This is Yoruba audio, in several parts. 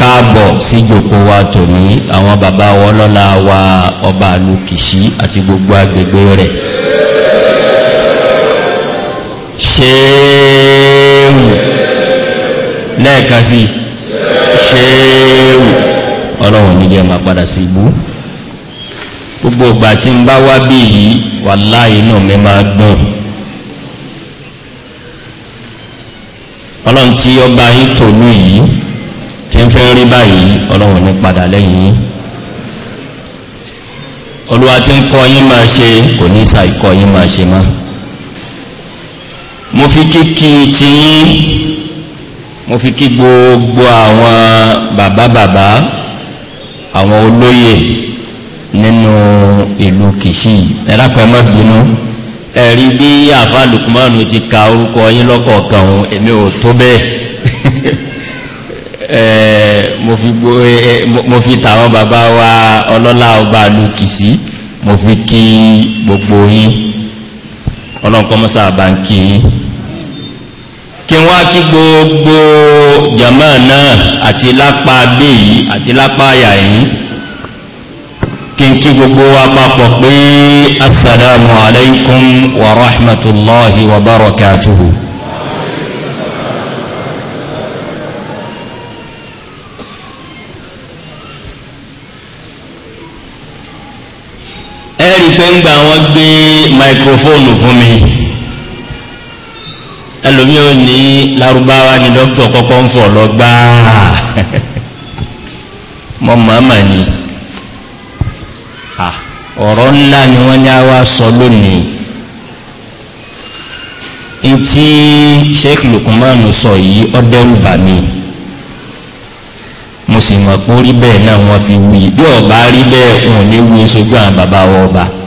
káàbọ̀ sí jòkó wa tòní àwọn bàbá wọlọ́lá wa ọba alùkìṣí àti gbogbo agbègbè rẹ̀ ṣéèwù lẹ́ẹ̀kan sí ṣéèwù ọlọ́run níjẹ́ ma padà sí ibú gbogbo ìgbà tí ń bá wá bí yìí wà láàyè náà mi máa gbọ́n ọlọ́run tí ọba yìí tòlú yìí tí ń fẹ́ rí báyìí ọlọ́run ní padà lẹ́yìn olúwa tí ń kọ́ yín máa ṣe kò ní ṣàìkọ́ yín máa ṣe má mo fi kíkí ti yín mo fi kí gbogbo àwọn bàbá bàbá àwọn olóyè nínú ìlú kìsí ẹ̀rápẹ́ mọ́ bínú ẹ̀rí bí àfáà lùkùmánù ti ka orúkọ yín lọ́kọ̀ọ̀kan èmi ò tó bẹ́ẹ̀ Eh, eh, mo fi tàwọn bàbá wa ọlọ́lá ọba lókìsí mo fi kí gbogbo yí ọlọ́nkọmọ́sà bá ń kí yí kí wọ́n kí gbogbo jama náà àti lápá bí yìí àti lápá àyà yìí kí n kí gbogbo wa papọ̀ pé assalamu alaikum wa rahmatullahi wa barakatuhu pé ń gbà wọn gbé máikrófóònù fún mi ẹlòmí ò ní lárúbáwá ni dókítà kọ́kọ́ ń fọ̀ lọ gbáà mọ màmá ni ọ̀rọ̀ ńlá ni wọ́n ní sọ lónìí ntí sheikh lukumanu sọ yìí ọdẹrù bà mí mo sì mọ̀ pé bẹ́ẹ̀ fi wí bí ọba rí bẹ́ẹ̀ òun ní wí ọba.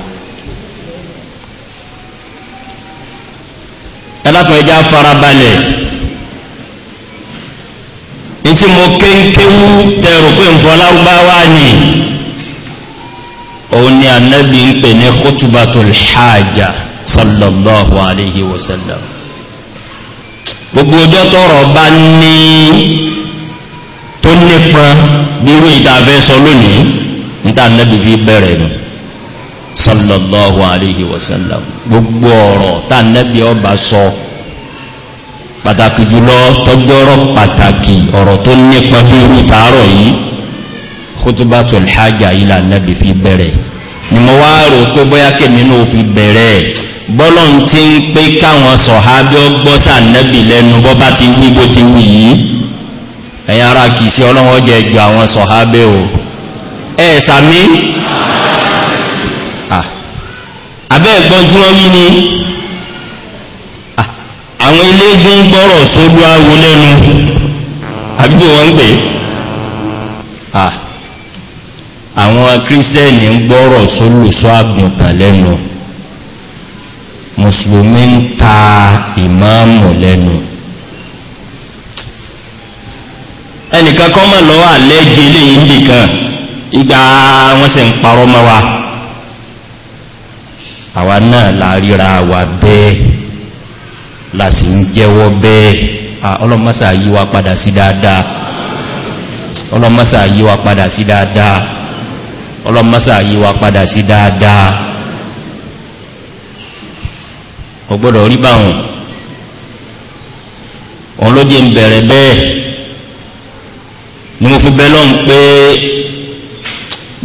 ẹlákùn ẹjá farabalẹ̀ ntí mo kéńkéwú tẹrù pé nfọláwùbáwá ni òun ni anabi ń pè ní khutubatul hajja sallallahu alayhi wa sallam gbogbo ọjọ́ tọrọ bá ní tó nípa bí irú ìdáfẹ́ sọ lónìí níta anabi fi bẹ̀rẹ̀ nù sallallahu alaihi wasallam gbogbo ọ̀rọ̀ tá nẹ́bí ọba sọ pàtàkì jùlọ tọ́jọ́rọ̀ pàtàkì ọ̀rọ̀ tó nípa bí irú tààrọ̀ yìí khutbatul hajja ìlà nẹ́bí fi bẹ̀rẹ̀ ni mo wá rò pé bóyá kèmí náà fi bẹ̀rẹ̀ bọ́lọ̀ tí ń pé káwọn sọ̀hábí ọgbọ́sà nẹ́bí lẹ́nu bọ́ bá ti wí bó ti wí yìí ẹ̀yà ara kìí sí ọlọ́wọ́ jẹ́ ju àwọn sọ̀hábí o ẹ̀ sàmí abẹ́ ẹ̀gbọ́n tí wọ́n wí ni ah, àwọn eléégún gbọ́rọ̀ sódú awo lẹ́nu àbíkò wọ́n ń pè ah, àwọn kírísítẹ́nì ń gbọ́rọ̀ sólùsọ àgùntàn lẹ́nu mùsùlùmí ń ta ìmáàmù lẹ́nu ẹnìkan kọ́ mọ̀ lọ́wọ́ àlẹ́jì eléyìí nìkan ìgbà wọn sì ń parọ́ mọ́ wa. àwa náà láàríra wà bẹ́ẹ̀ lásì ń jẹ́wọ́ bẹ́ẹ̀ ọlọ́mọ́sà yíwa padà sí dáadáa ọlọ́mọ́sà yíwa padà sí dáadáa ọlọ́mọ́sà yíwa padà sí dáadáa ọgbọ́dọ̀ rí báhùn ọlọ́jẹ́ ń bẹ̀rẹ̀ bẹ́ẹ̀ ni mo fi bẹ́ lọ́n pé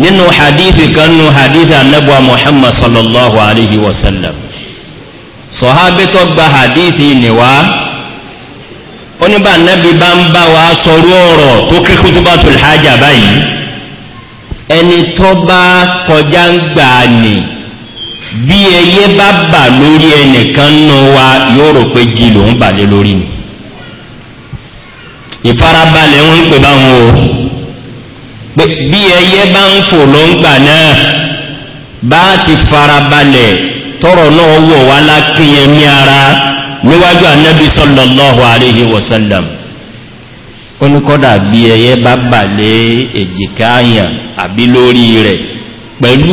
nínú hadithi kan nínú hadithi anabuwa muhammad sallallahu alayhi wa sallam sọ̀hábẹ́tọ̀ gba hadithi ni wá ó ní bá anabi bá ń bá wa sọ̀rọ̀ ọ̀rọ̀ tó kí kútúbà tó lhájà báyìí ẹni tó bá kọjá ń gbà ní bí ẹyẹ bá bà lórí ẹnìkan nù wa yóò rò pé jí lòún bà lé lórí ni ìfarabalẹ̀ ń pè báwọn o. bí ẹyẹ bá ń fò ló ń gbà náà bá ti farabalẹ̀ tọrọ náà wọ̀ wá lákìyẹn ní ara níwájú anábì sọlọ́lọ́hu àríhì wọ̀sálàm ó ní kọ́dà bí ẹyẹ bá balẹ̀ èjìká àyà àbí lórí rẹ̀ pẹ̀lú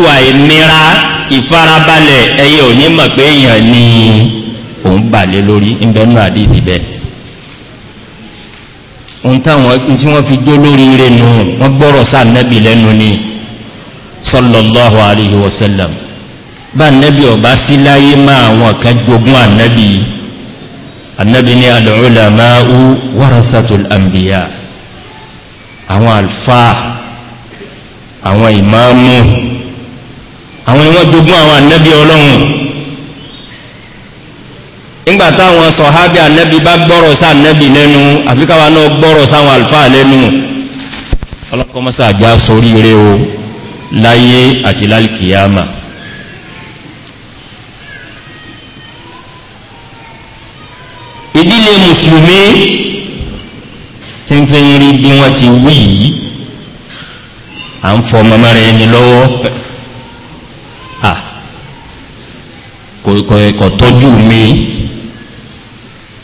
ìfarabalẹ̀ ẹyẹ ni òun balẹ̀ lórí ohun táwọn tí wọ́n fi jó lórí rẹ̀ nù wọ́n gbọ́rọ̀ sáà nẹ́bì lẹ́nu ni sallallahu alaihi wasallam bá nẹ́bí ọba sí láyé máa àwọn kan jogún ànẹ́bí ànẹ́bí ní al nígbà awọn sọ̀hábí ànẹ́bí bá gbọ́rọ̀ sá ànẹ́bí lẹ́nu àfíkàwà náà gbọ́rọ̀ sáwọn àlfà lẹ́nu ọlọ́kọmọ́sá àjá sórí rẹ̀ o láyé àti lálìkìyàmà ìdílé mùsùlùmí tí rí bí wọ́n ti wí yìí à ń fọ rẹ̀ ní lọ́wọ́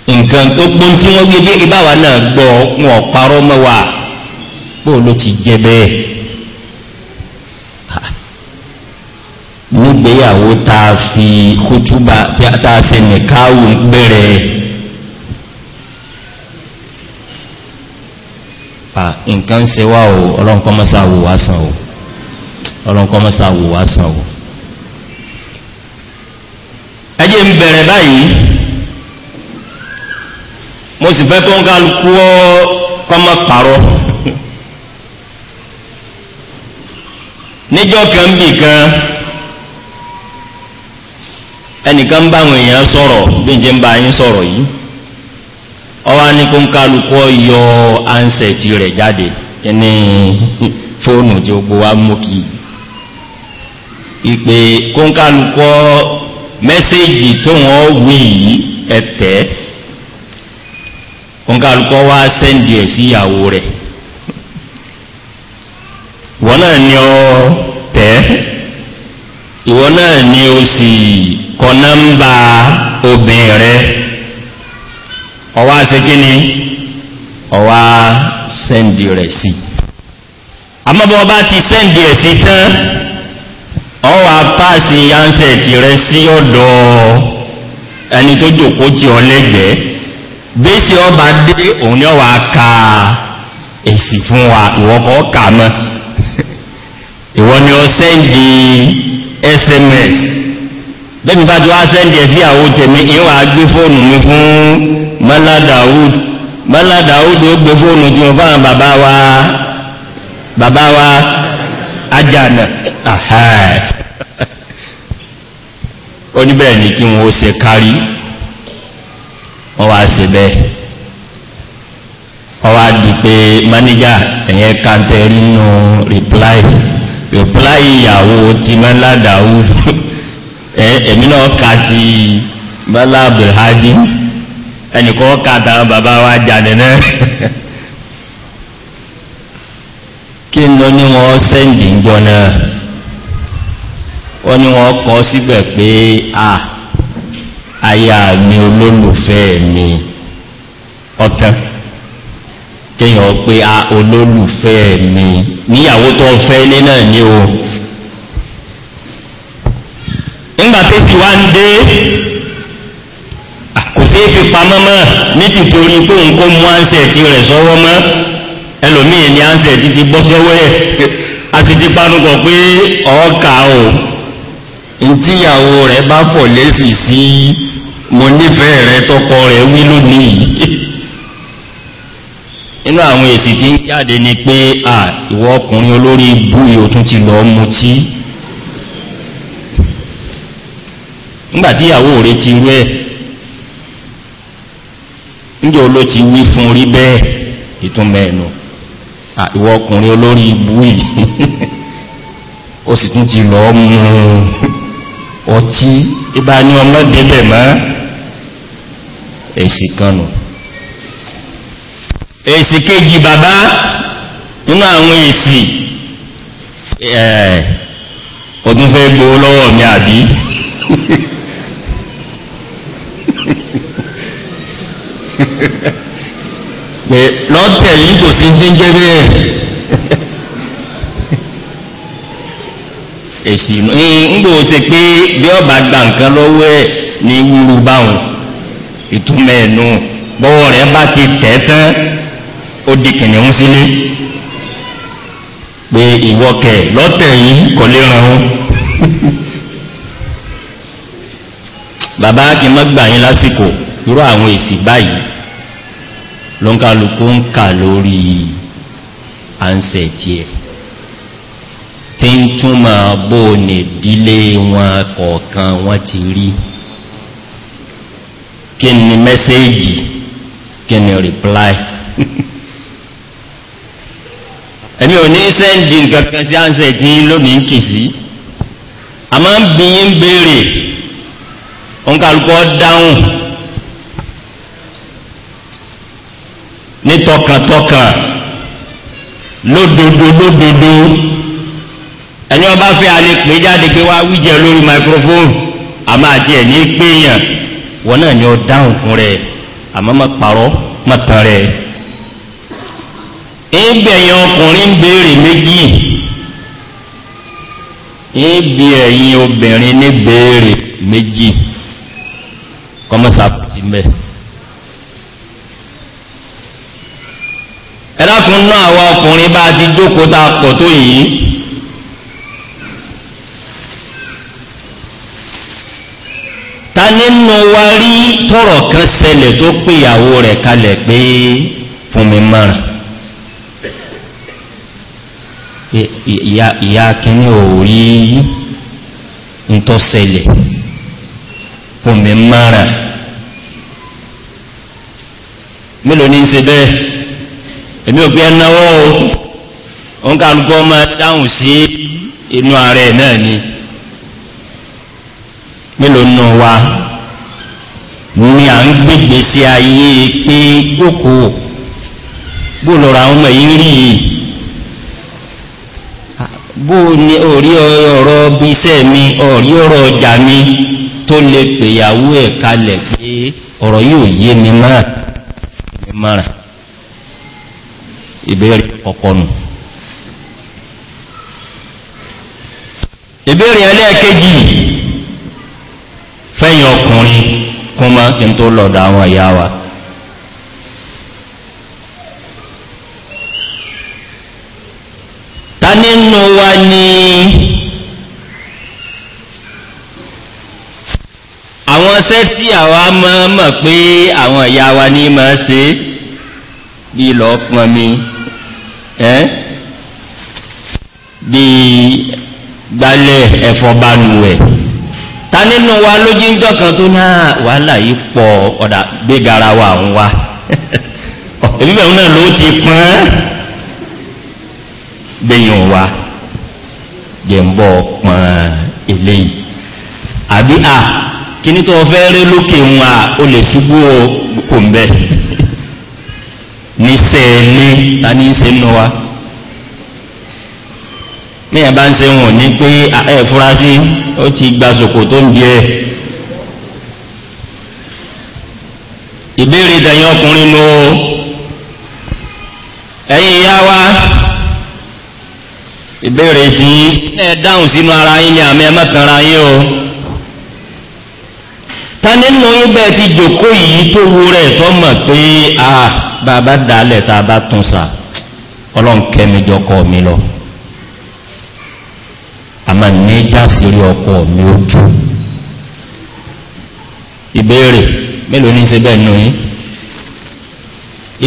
nǹkan tó pọ́n tí wọ́n gbé bí ìbáwa náà gbọ́ wọn parọ́ mẹ́wàá bó ló ti jẹ bẹ́ẹ̀ nígbéyàwó ta fi kútúbà tí a ṣe nìkáwù bẹ̀rẹ̀ nǹkan ṣe wá o ọlọ́nkọ́ sawọ. wò wá o mo sì fẹ́ tó ń kálukú ọ́ kọ́mọ pàrọ̀ níjọ́ kan bì kan ẹnìkan ń bá àwọn èèyàn sọ̀rọ̀ bí n jẹ́ ń bá yín sọ̀rọ̀ yìí ọwọ́ ní kó ń kálukú ọ́ yọ ansẹ̀tì rẹ̀ jáde fóònù tí wa mú kí ìpè kó ń ọ́ tó kọkàlùkọ́ wá sẹ́ndì ẹ̀ sí ìyàwó rẹ̀ ìwọ náà ni ọ tẹ́ ìwọ náà ni o sì kọ nọ́mbà obìnrin rẹ̀ ọwá ṣe kí ni ọwá sẹ́ndì rẹ̀ sí ti sẹ́ndì ẹ̀ sí tán ọwà pàṣẹ yánsẹ̀ ti rẹ̀ sí ọ̀dọ̀ ẹni tó jòkó ti ọlẹ́gbẹ̀ẹ́ bẹ́ẹ̀sì ọba dé òun ni ọwà ka èsì fún wa ìwọ́kọ́ ọkà mọ́ ìwọ́ ni ọ sẹ́ndì sms lẹ́bí bá tí wá sẹ́ndì ẹ̀ sí àwọn tẹ̀mí ìwà gbé fóònù mi fún mọ́ládàúd mọ́ládàúd ó gbé fóònù tí wọ́n fáwọn bàbá wa bàbá wa ajànà oníbẹ̀ẹ̀ ni kí wọ́n ó se kárí wọ́n wá ṣe bẹ́ẹ̀ wọ́n wá di pé mánéjà ẹ̀yẹn kàńtẹ́ nínú rìpláì rìpláì ìyàwó ti mẹ́ládàáwù èmi náà ka ti mẹ́lá abdulhadi ẹnìkan ká àtàwọn bàbá wa jáde náà kí n lọ ní wọn sẹ́ǹdì ń jọ náà wọ́n ní wọn kọ́ síbẹ̀ pé a. Ah, aya mi olólùfẹ́ mi ọ̀tán kíyàn pé a olólùfẹ́ mi níyàwó tó fẹ́ ní náà ní o nígbàtí ti wá ń dé kò sí fi pamọ́ mọ́ ní ti pé n kó mú ánsẹ̀tì rẹ̀ sọ́wọ́ mọ́ ẹlòmíì ni ánsẹ̀tì ti bọ́ sọ́wọ́ ẹ̀ a sì ti panukọ̀ pé o ntíyàwó rẹ̀ bá fọ̀ lẹ́sì sí i mo nífẹ̀ẹ́ rẹ tọkọ rẹ wí lónìí inú àwọn èsì tí ń jáde ni pé à ìwọ ọkùnrin olórí ibú yóò tún ti lọ mu tí nígbàtí ìyàwó rẹ ti rú ẹ níjẹ́ oló ti wí fún rí bẹ́ẹ̀ ìtúnmẹ̀ ẹ̀nu à ìwọ ọkùnrin olórí ibú yìí ó sì tún ti lọ mu ọtí ìbá ní ọmọdébẹ̀ mọ́ èsì kanu èsì kejì bàbá nínú àwọn èsì ẹ̀ ọdún fẹ́ gbó lọ́wọ́ mi àbí lọ́tẹ̀ yìí kò sí ní jẹ́ bẹ́ẹ̀ èsì gbò ṣe pé bí ọba gba nǹkan lọ́wọ́ ẹ̀ ní ìtumẹ̀ ẹ̀nu bọ́wọ́ rẹ̀ bá ti tẹ̀ tán ó di kìnìún sílé pé ìwọ́kẹ̀ lọ́tẹ̀ yìí kò lè ràn án bàbá kì í má gbà yín lásìkò irú àwọn èsì báyìí ló ń kálukú ń kà lórí ànsẹ̀ tiẹ̀ tí ń túmọ̀ bóòní ìdílé wọn kọ̀ọ̀kan wọn ti rí kí ni mẹ́sẹ́ẹ̀jì kí ni reply ẹ̀mí ò ní sẹ́ndì kankan sí ánsẹ̀ tí lónìí kì sí a máa ń bí yín béèrè òǹkàlùkọ́ dáhùn ní tọkàntọkàn lódodo lódodo ẹni ọba fẹ́ alẹ́ pé jáde pé wá wíjẹ lórí microphone àmọ́ àti ẹ̀ ní pé yàn wọ́n náà ni ọ dáhùn fún rẹ̀ àmọ́ má parọ́ má tán rẹ̀ ẹgbẹ̀yìn ọkùnrin béèrè méjì ẹbí ẹ̀yìn obìnrin ní béèrè méjì kọmọ́sàkù sí mẹ́ ẹ̀lákùn náà àwọn ọkùnrin bá ti jókòó ta tó yìí ta nínú wa rí tọ̀rọ̀ kan ṣẹlẹ̀ tó péyàwó rẹ̀ kalẹ̀ pé fún mi mọ́ra ìyá kìíní ò rí ntọ́sẹlẹ̀ fún mi mọ́ra mélòó ní ṣe bẹ́ẹ̀ èmi ò gbé ẹ o òun kà lùkọ́ máa dáhùn sí inú ara náà ni mélòó nù wa ni à ń gbégbé sí ayé pé kókó bó lọ́ra àwọn ọmọ yìí rí yìí bó ni orí ọ̀rọ̀ bí iṣẹ́ mi orí ọ̀rọ̀ ọjà mi tó lè pèyàwó ẹ̀ kalẹ̀ pé ọ̀rọ̀ yóò yé mi mara ìbéèrè ọ̀pọ̀nù ìbéèrè ẹlẹ́ẹ̀kejì fẹ́yìn ọkùnrin kún mọ́ kí n tó lọ̀dọ̀ àwọn ìyá wa ta nínú wa ni àwọn ṣẹ́ tí àwa mọ́ mọ̀ pé àwọn ìyá wa ní mọ́ ṣe bí lọ pọn mi ẹ́ bí gbálẹ̀ ẹ̀fọ́ bá nù ẹ̀ ta nínú wa ló jí ń jọ́kan tó ní ah, wàhálà yìí pọ̀ ọ̀dà wa ń wa èmi ló ti pọ́n gbẹ̀yìn wa gẹ̀ǹbọ̀ pọ́n eléyìí àbí à ní tó fẹ́ lókè o lè ṣubú o níṣẹ́ ní ta ní míyàn bá ń se wọn ní pé ẹ fura ó ti gba sòkò tó ń di ìbéèrè tẹ̀yìn ọkùnrin nu o ẹ̀yin ìyá wa ìbéèrè tí ẹ dáhùn sínú ara yín ni àmì ẹ mọ́kànra yín o. ta nínú yín bẹ́ẹ̀ ti jòkó yìí tó wo rẹ̀ tó mọ̀ pé a bàbá dàálẹ̀ tá a bá tún sà ọlọ́run jọkọ̀ mi lọ. àmà nẹ́jà sí rí ọkọ̀ mi ó jù ìbéèrè mélòó ní ṣe bẹ́ẹ̀ nù yí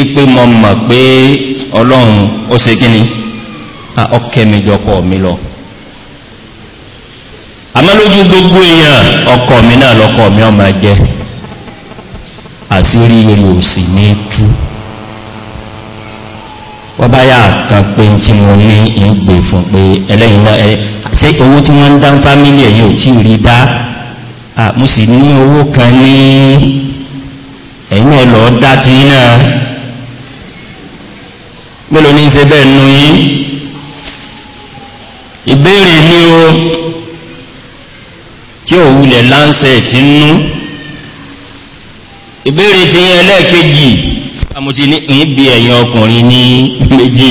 ipé mọ mọ̀ pé ọlọ́run mi lọ lójú gbogbo èèyàn ọkọ̀ mi náà lọ́kọ̀ mi ọmọ jẹ́ àsírí rí òsì ní tú wọ́n bá yà kan pé tí mo ní ìgbè fún pé àṣẹ owó tí wọ́n ń dá fámílì ẹ̀yẹ ò tí rí dá mo sì ní owó kan ní ẹ̀yìn ẹ̀ lọ dá ti náà mélòó ní ṣe bẹ́ẹ̀ nù yí ìbéèrè ní o tí ò wulẹ̀ láńsẹ̀ tí nú ìbéèrè ti yẹn lẹ́ẹ̀kejì àmọ́ ní ìbí ẹ̀yìn ọkùnrin ní méjì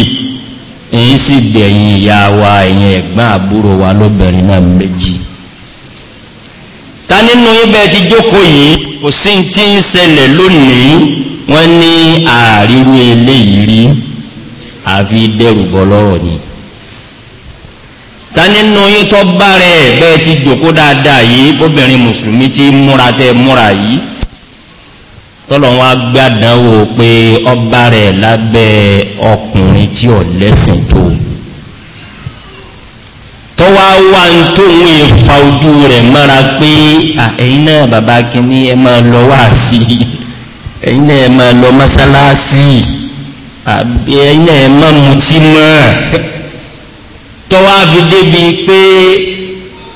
èyí sì dẹ̀yìn ìyá wa ẹ̀yìn ẹ̀gbọ́n àbúrò wa lóbìnrin náà méjì ká nínú ibẹ̀ ti jókòó yìí kò sí tí ń ṣẹlẹ̀ lónìí wọ́n ní ààrírú eléyìí rí àfi dẹ́rùbọ lọ́rọ̀ ni ká nínú yín tọ́ bá rẹ̀ bẹ́ẹ̀ ti jókòó dáadáa yìí bóbìnrin mùsùlùmí ti múra tẹ́ múra yìí tọ́lọ̀ wá gbádánwò pé ọba rẹ̀ lábẹ́ ọkùnrin tí ọ̀ lẹ́sìn tó tó wá wá ń tó ń fa ojú rẹ̀ mọ́ra pé ẹ̀yìn náà bàbá kìíní ẹ máa lọ wá sí ẹ̀yìn náà ẹ máa lọ mọ́sálásí ẹ̀yìn náà ẹ máa mutí mọ́ tó wá fi débi pé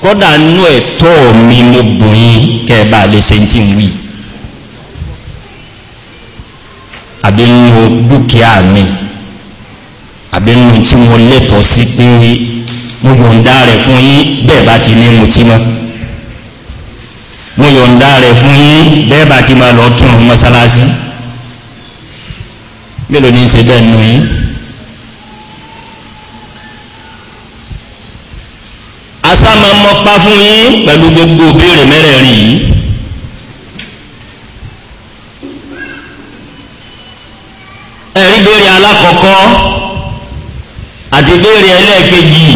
kọ́dà nú ẹ̀tọ́ mi lóbìnrin kẹ́ẹ̀ bá lè ṣe ń wí àbí nínú dúkìá mi àbí nínú tí mo lẹ́tọ̀ọ́ sí pé mo yọ̀ǹda rẹ̀ fún yín bẹ́ẹ̀ bá ti ní mo ti mọ́ mo yọ̀ǹda rẹ̀ fún yín bẹ́ẹ̀ bá ti máa lọ tún un mọ́sálásí mélòó ní í ṣe bẹ́ẹ̀ nù yín. asámọ́mọ́pá fún yín pẹ̀lú gbogbo òbí rẹ̀ mẹ́rẹ̀ẹ̀rin yìí. alákọ̀ọ́kọ́ àti béèrè ẹlẹ́ẹ̀kejì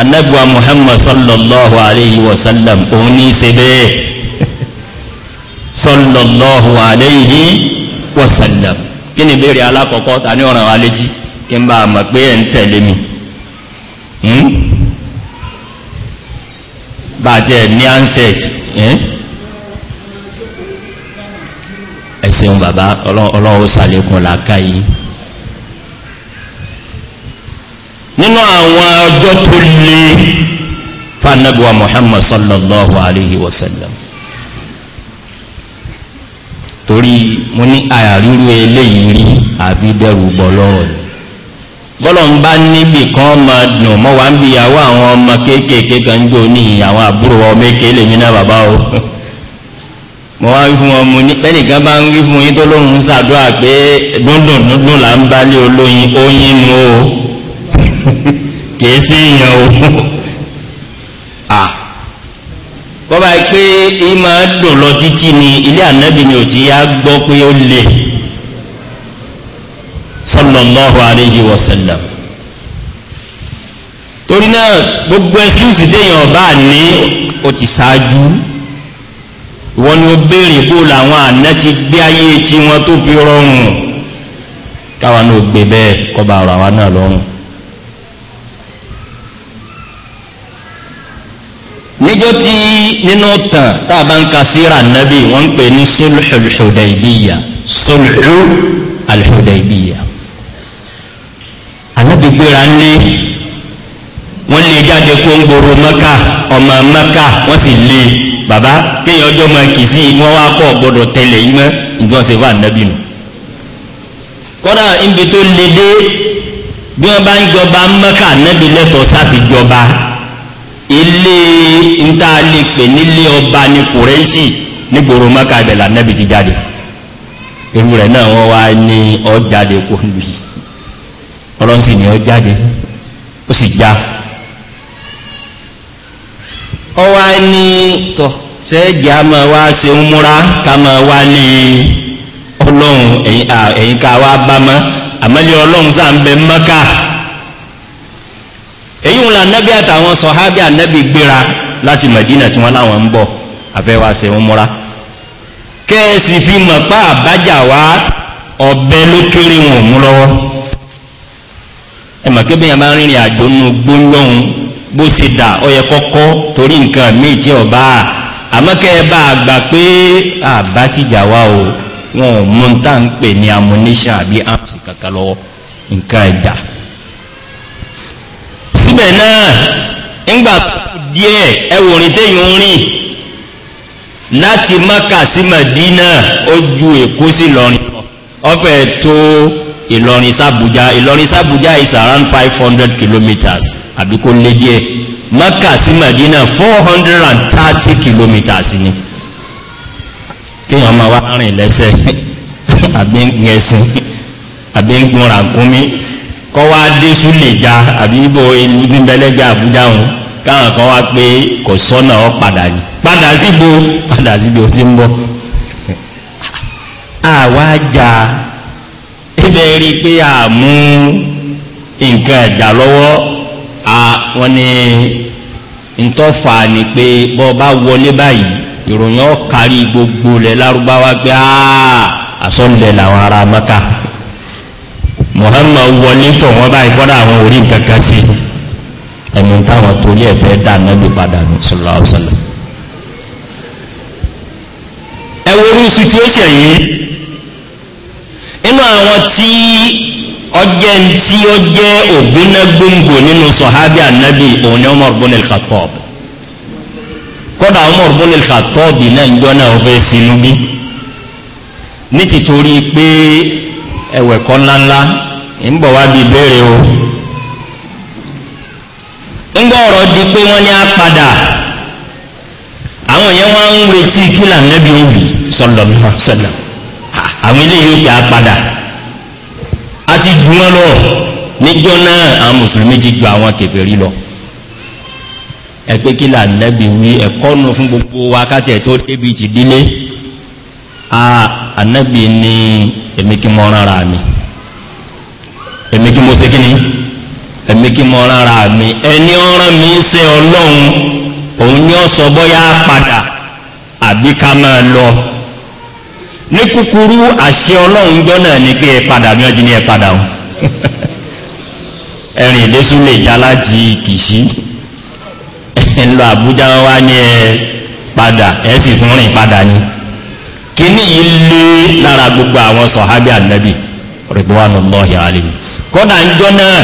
anábùwà muhammad sallallahu alayhi wa sallam òun ní í ṣe bẹ́ẹ̀ sallallahu alayhi wa sallam kí ni béèrè alákọ̀ọ́kọ́ ta ní ọ̀ràn wa létí kí n bá a mọ̀ pé ẹ̀ ń tẹ̀lé mi hmm? bàjẹ́ ní ansẹ́t eh? ẹ̀sìn ọlọ́run ó sàlékún làákàyè. nínú àwọn ọjọ́ tó lé fanabuwa muhammad sallallahu alaihi wasallam torí mo ní àríru eléyìí rí àbí dẹrù bọ́lọ́ọ̀ bọ́lọ̀ ń bá níbì kan ma dùn mọ́ wá ń bí ìyàwó àwọn ọmọ kéékèèké kan jò ní àwọn àbúrò na lè nínú bàbá o mo wá fún wọn ní ẹnìkan bá ń wí fún yín tó lóhun pé dúndùn dúndùn là ń kìí sí ìyàn ohun à bọ́bá pé ìmọ̀ dùn lọ títí ni ilé ànábì ni ò ti yá gbọ́ pé ó lè sallallahu alayhi wa sallam torí náà gbogbo excuse déyàn bá ní o ti ṣáájú wọ́n ni ó béèrè bó làwọn àná ti gbé ayé tí wọ́n tó fi rọrùn káwa náà gbé bẹ́ẹ̀ kọba ọ̀rọ̀ àwa náà lọ́rùn níjọ́ tí nínú tàn tàbá ń ka síra nàbí wọ́n ń pè ní sulhul-hudaybiya sulhul-hudaybiya ànábì gbéra ní wọ́n lè jáde kó ń gbòòrò mẹ́ka ọmọ mẹ́ka wọ́n sì lè bàbá kéèyàn ọjọ́ máa kì sí wọ́n wá kọ́ gbọ́dọ̀ tẹ̀lé yìí mọ́ ìgbọ́n ṣe wà nàbí nù kọ́dà ibi tó le dé bí wọ́n bá ń jọba mẹ́ka nàbí lẹ́tọ̀ọ́ sáti jọba ilé ntá lè nílé ọba ní kùrẹ́sì nígboro maka ìbẹ̀lá nẹ́bì ti jáde irú rẹ̀ náà wọ́n wá ní ọjáde kò lù yìí ni ọjáde ó sì já ọ wá ní tọ̀ sẹ́ẹ̀jì a máa wá se ń múra ká máa wá ní ọlọ́run wá bá mọ́ ọlọ́run la nẹ́bí àtàwọn sọ̀hábí ànẹ́bí gbéra láti mẹ̀dínà tí wọ́n láwọn ń bọ̀ àfẹ́wà se ń múra kẹ́ẹ̀sì fi mọ̀ pá àbájà wá ọ̀bẹ ló kéré wọn mú lọ́wọ́ ẹmọ̀ kébé yẹn bá rìnrìn àjò nù gbóngbóhun bó ṣe dà ọyẹ kọ́kọ́ torí nǹkan míì tí ọba àmọ́kẹ́ bá gbà pé àbá ti jà wá o wọn ò mú tá ń pè ní amúníṣà àbí áǹsì kankan lọ́wọ́ nǹkan ẹ̀dà síbẹ̀ náà ńgbà díẹ̀ ẹwòrìn téyìn ń rìn láti maka sí madina ó ju èkó sí ìlọrin ọfẹ tó ìlọrin sábùjá ìlọrin sábùjá is around 500 kilometers. kilometres àbí kó lé díẹ̀ maka sí madina 430 kilometers and thirty kilometres ni kéèyàn máa wá rìn lẹ́sẹ̀ àbí ń gbẹ̀sìn àbí kọ́ wá dé súlèjá àbí ibò ìlú tí bẹ́lẹ́gbẹ́ àbújá wọn káwọn kan wá pé kò sọ́nà ọ padà ní padà síbo padà síbi ó ti ń bọ́ àwa jà ibẹ̀ rí pé àmú nǹkan ẹ̀jà lọ́wọ́ wọ́n ni ìtọ́fà ni pé bọ́ bá wọlé báyìí ìròyìn ọ̀kárí gbogbo lẹ̀ lárúbáwá pé àà àsọ́nlẹ̀ làwọn ará mọ́ká muhammadu wọlé tọ̀ wọ́n báyìí kọ́dá àwọn orí kankan sí ẹni táwọn torí ẹ̀fẹ́ dá nábì padà ní sọ́lọ́sọ́lọ́ ẹwọ́rú situation yìí inú àwọn tí ọjẹ́ tí ó jẹ́ nínú sọ̀hábí ànábì òun ni ọmọ ọ̀gbọ́n lè kọ́dà ọmọ ọ̀gbọ́n náà ń bí pé ẹ̀wẹ̀kọ́ ńláńlá ń bọ̀ wá bí o ń gbọ́ ọ̀rọ̀ di pé wọ́n ní àwọn yẹn wọ́n ń retí kí làǹdẹ́bí òbí sọ̀lọ̀ sọ̀lọ̀ àwọn eléyìí ó pè a ti dùn wọn lọ níjọ́ náà àwọn mùsùlùmí ti gba àwọn kèfèrí lọ ẹgbẹ́ kí làǹdẹ́bí wí ẹ̀kọ́ nù fún gbogbo wa débi a èmi kí mọ́ ẹ̀mí kí mo ṣe kí ni ẹ̀mí kí mo rárá mi ẹni ọ̀ràn mi ṣe ọlọ́run òun ni ó sọ bọ́yá padà àbí ká máa lọ ní kúkúrú àṣẹ ọlọ́run jọ náà ni pé ẹ padà bí wọ́n ti ní ẹ padà o ẹ̀rìn ìdésú lè já láti kìsí ẹ̀ lọ àbújá wá ní ẹ padà ẹ sì fún rìn padà ni kíní ilé lára gbogbo àwọn sọ̀hábí ànábì rẹ̀gbọ́n lọ́yà alìmù kọ́dà ń jọ náà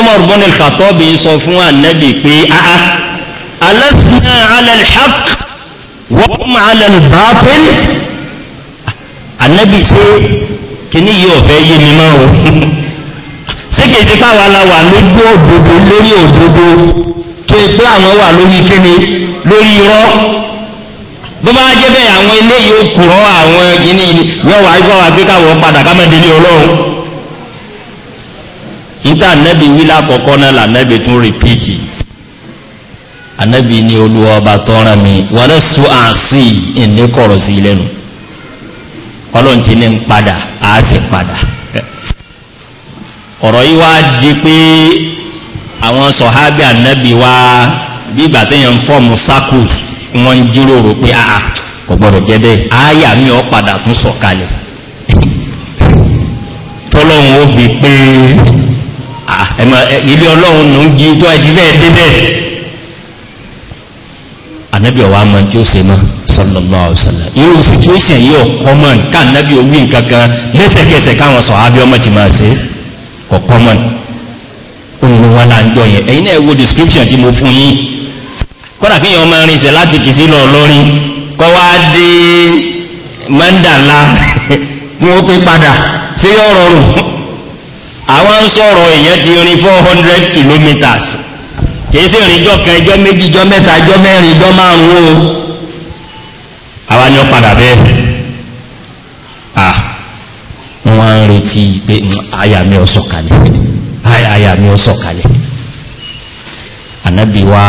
umar bin al-khattab sọ fún anabi pé aa alasna ala al-haq wọ́n ma ala al-batil anabi ṣe kíní yìí ọ̀fẹ́ yé mi máa o ṣé kìí ṣe káwa la wà lójú òdodo lórí òdodo tó pé àwọn wà lórí kíni lórí irọ́ bó bá jẹ́ bẹ́ẹ̀ àwọn eléyìí ó kùrọ́ àwọn ìní yọ̀wá ìfọwọ́ àgbékàwọ́ padà ká níta ànẹ́bì wí lákọ̀ọ́kọ́ náà lànẹ́bì tún rìpíìtì ànẹ́bì ní olúwa ọba tọ́ra mi wọlé sú àásì ìníkọ̀rọ̀ sí lẹ́nu ọlọ́run ti ní ń padà àásì padà ọ̀rọ̀ yìí wá di pé àwọn sọ̀hábì ànẹ́bì wá bí ìgbà téèyàn ń fọ́ọ̀mù circles wọ́n ń jíròrò pé àà ah, ah, kò gbọ́dọ̀ jẹ́ bẹ́ẹ̀ àáyà mi ọ̀ padà tún sọ̀kalẹ̀ tọ́lọ́run ó fi pé Ah, ẹ̀mọ̀ ilé ọlọ́run nù ń gi tó ẹ̀dí bẹ́ẹ̀ débẹ̀ ànábì ọ̀wà mọ̀ tí ó se mọ́ sọlọ́lọ́ ọ̀sọ̀lọ́ irú situation yìí ọ̀kọ́ mọ̀ ká ànábì omi nkankan lẹ́sẹ̀kẹsẹ̀ káwọn sọ abẹ́ ọmọ ti máa ṣe kọ̀kọ́ mọ̀ òun wọn là ń jọ yẹn ẹ̀yin náà wo description tí mo fún yín kọ́dà kí yẹn ọmọ rinṣẹ́ láti kìí sí lọ lọ́rin kọ́ wá dé mọ́ndàlá ni wọ́n pé padà sí ọ̀rọ̀ rùn àwọn ń sọ̀rọ̀ èèyàn ti rin four hundred kilometers. kìí sì rìn jọ kan ẹjọ méjì jọ mẹ́ta jọ mẹ́rin jọ márùn-ún o àwa ni ó padà bẹ́ẹ̀ à wọ́n ń retí pé àyà mi ò sọ̀kalẹ̀ àyà mi ò sọ̀kalẹ̀ ànábì wa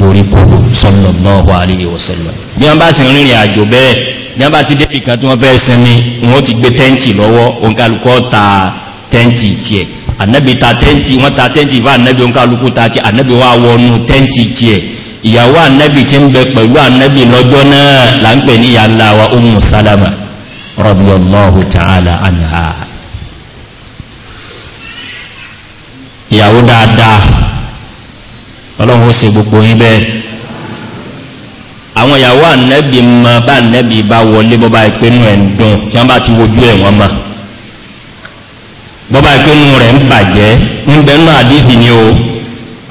dorí kúrò sọ́nà náà wà àríyé wọ̀sẹ̀lẹ̀ bí wọ́n bá sì rìnrìn àjò bẹ́ẹ̀ bí wọ́n bá ti débì kan tí wọ́n fẹ́ sinmi wọ́n ti gbé tẹ́ǹtì lọ́wọ́ òǹkàlùkọ́ ta tẹ́ǹtì tí ẹ̀ ànẹ́bì ta tẹ́ǹtì wọ́n ta tẹ́ǹtì bá ànẹ́bì ń kálukú ta tí ànẹ́bì wá wọnú tẹ́ǹtì tí ẹ̀ ìyàwó ànẹ́bì tí ń bẹ pẹ̀lú ànẹ́bì lọ́jọ́ náà là ń pè ní yàlá wa umu salama rọ́bíọ̀lọ́hù tààlà àníhà ìyàwó dáadáa ọlọ́run ó se gbogbo yín bẹ́ẹ̀ àwọn ìyàwó ànẹ́bì mọ bá ànẹ́bì bá wọlé bọ́bá ìpinnu ẹ̀ bọ́bá ìpinnu rẹ̀ ń bàjẹ́ ń bẹ nínú àdífì ni o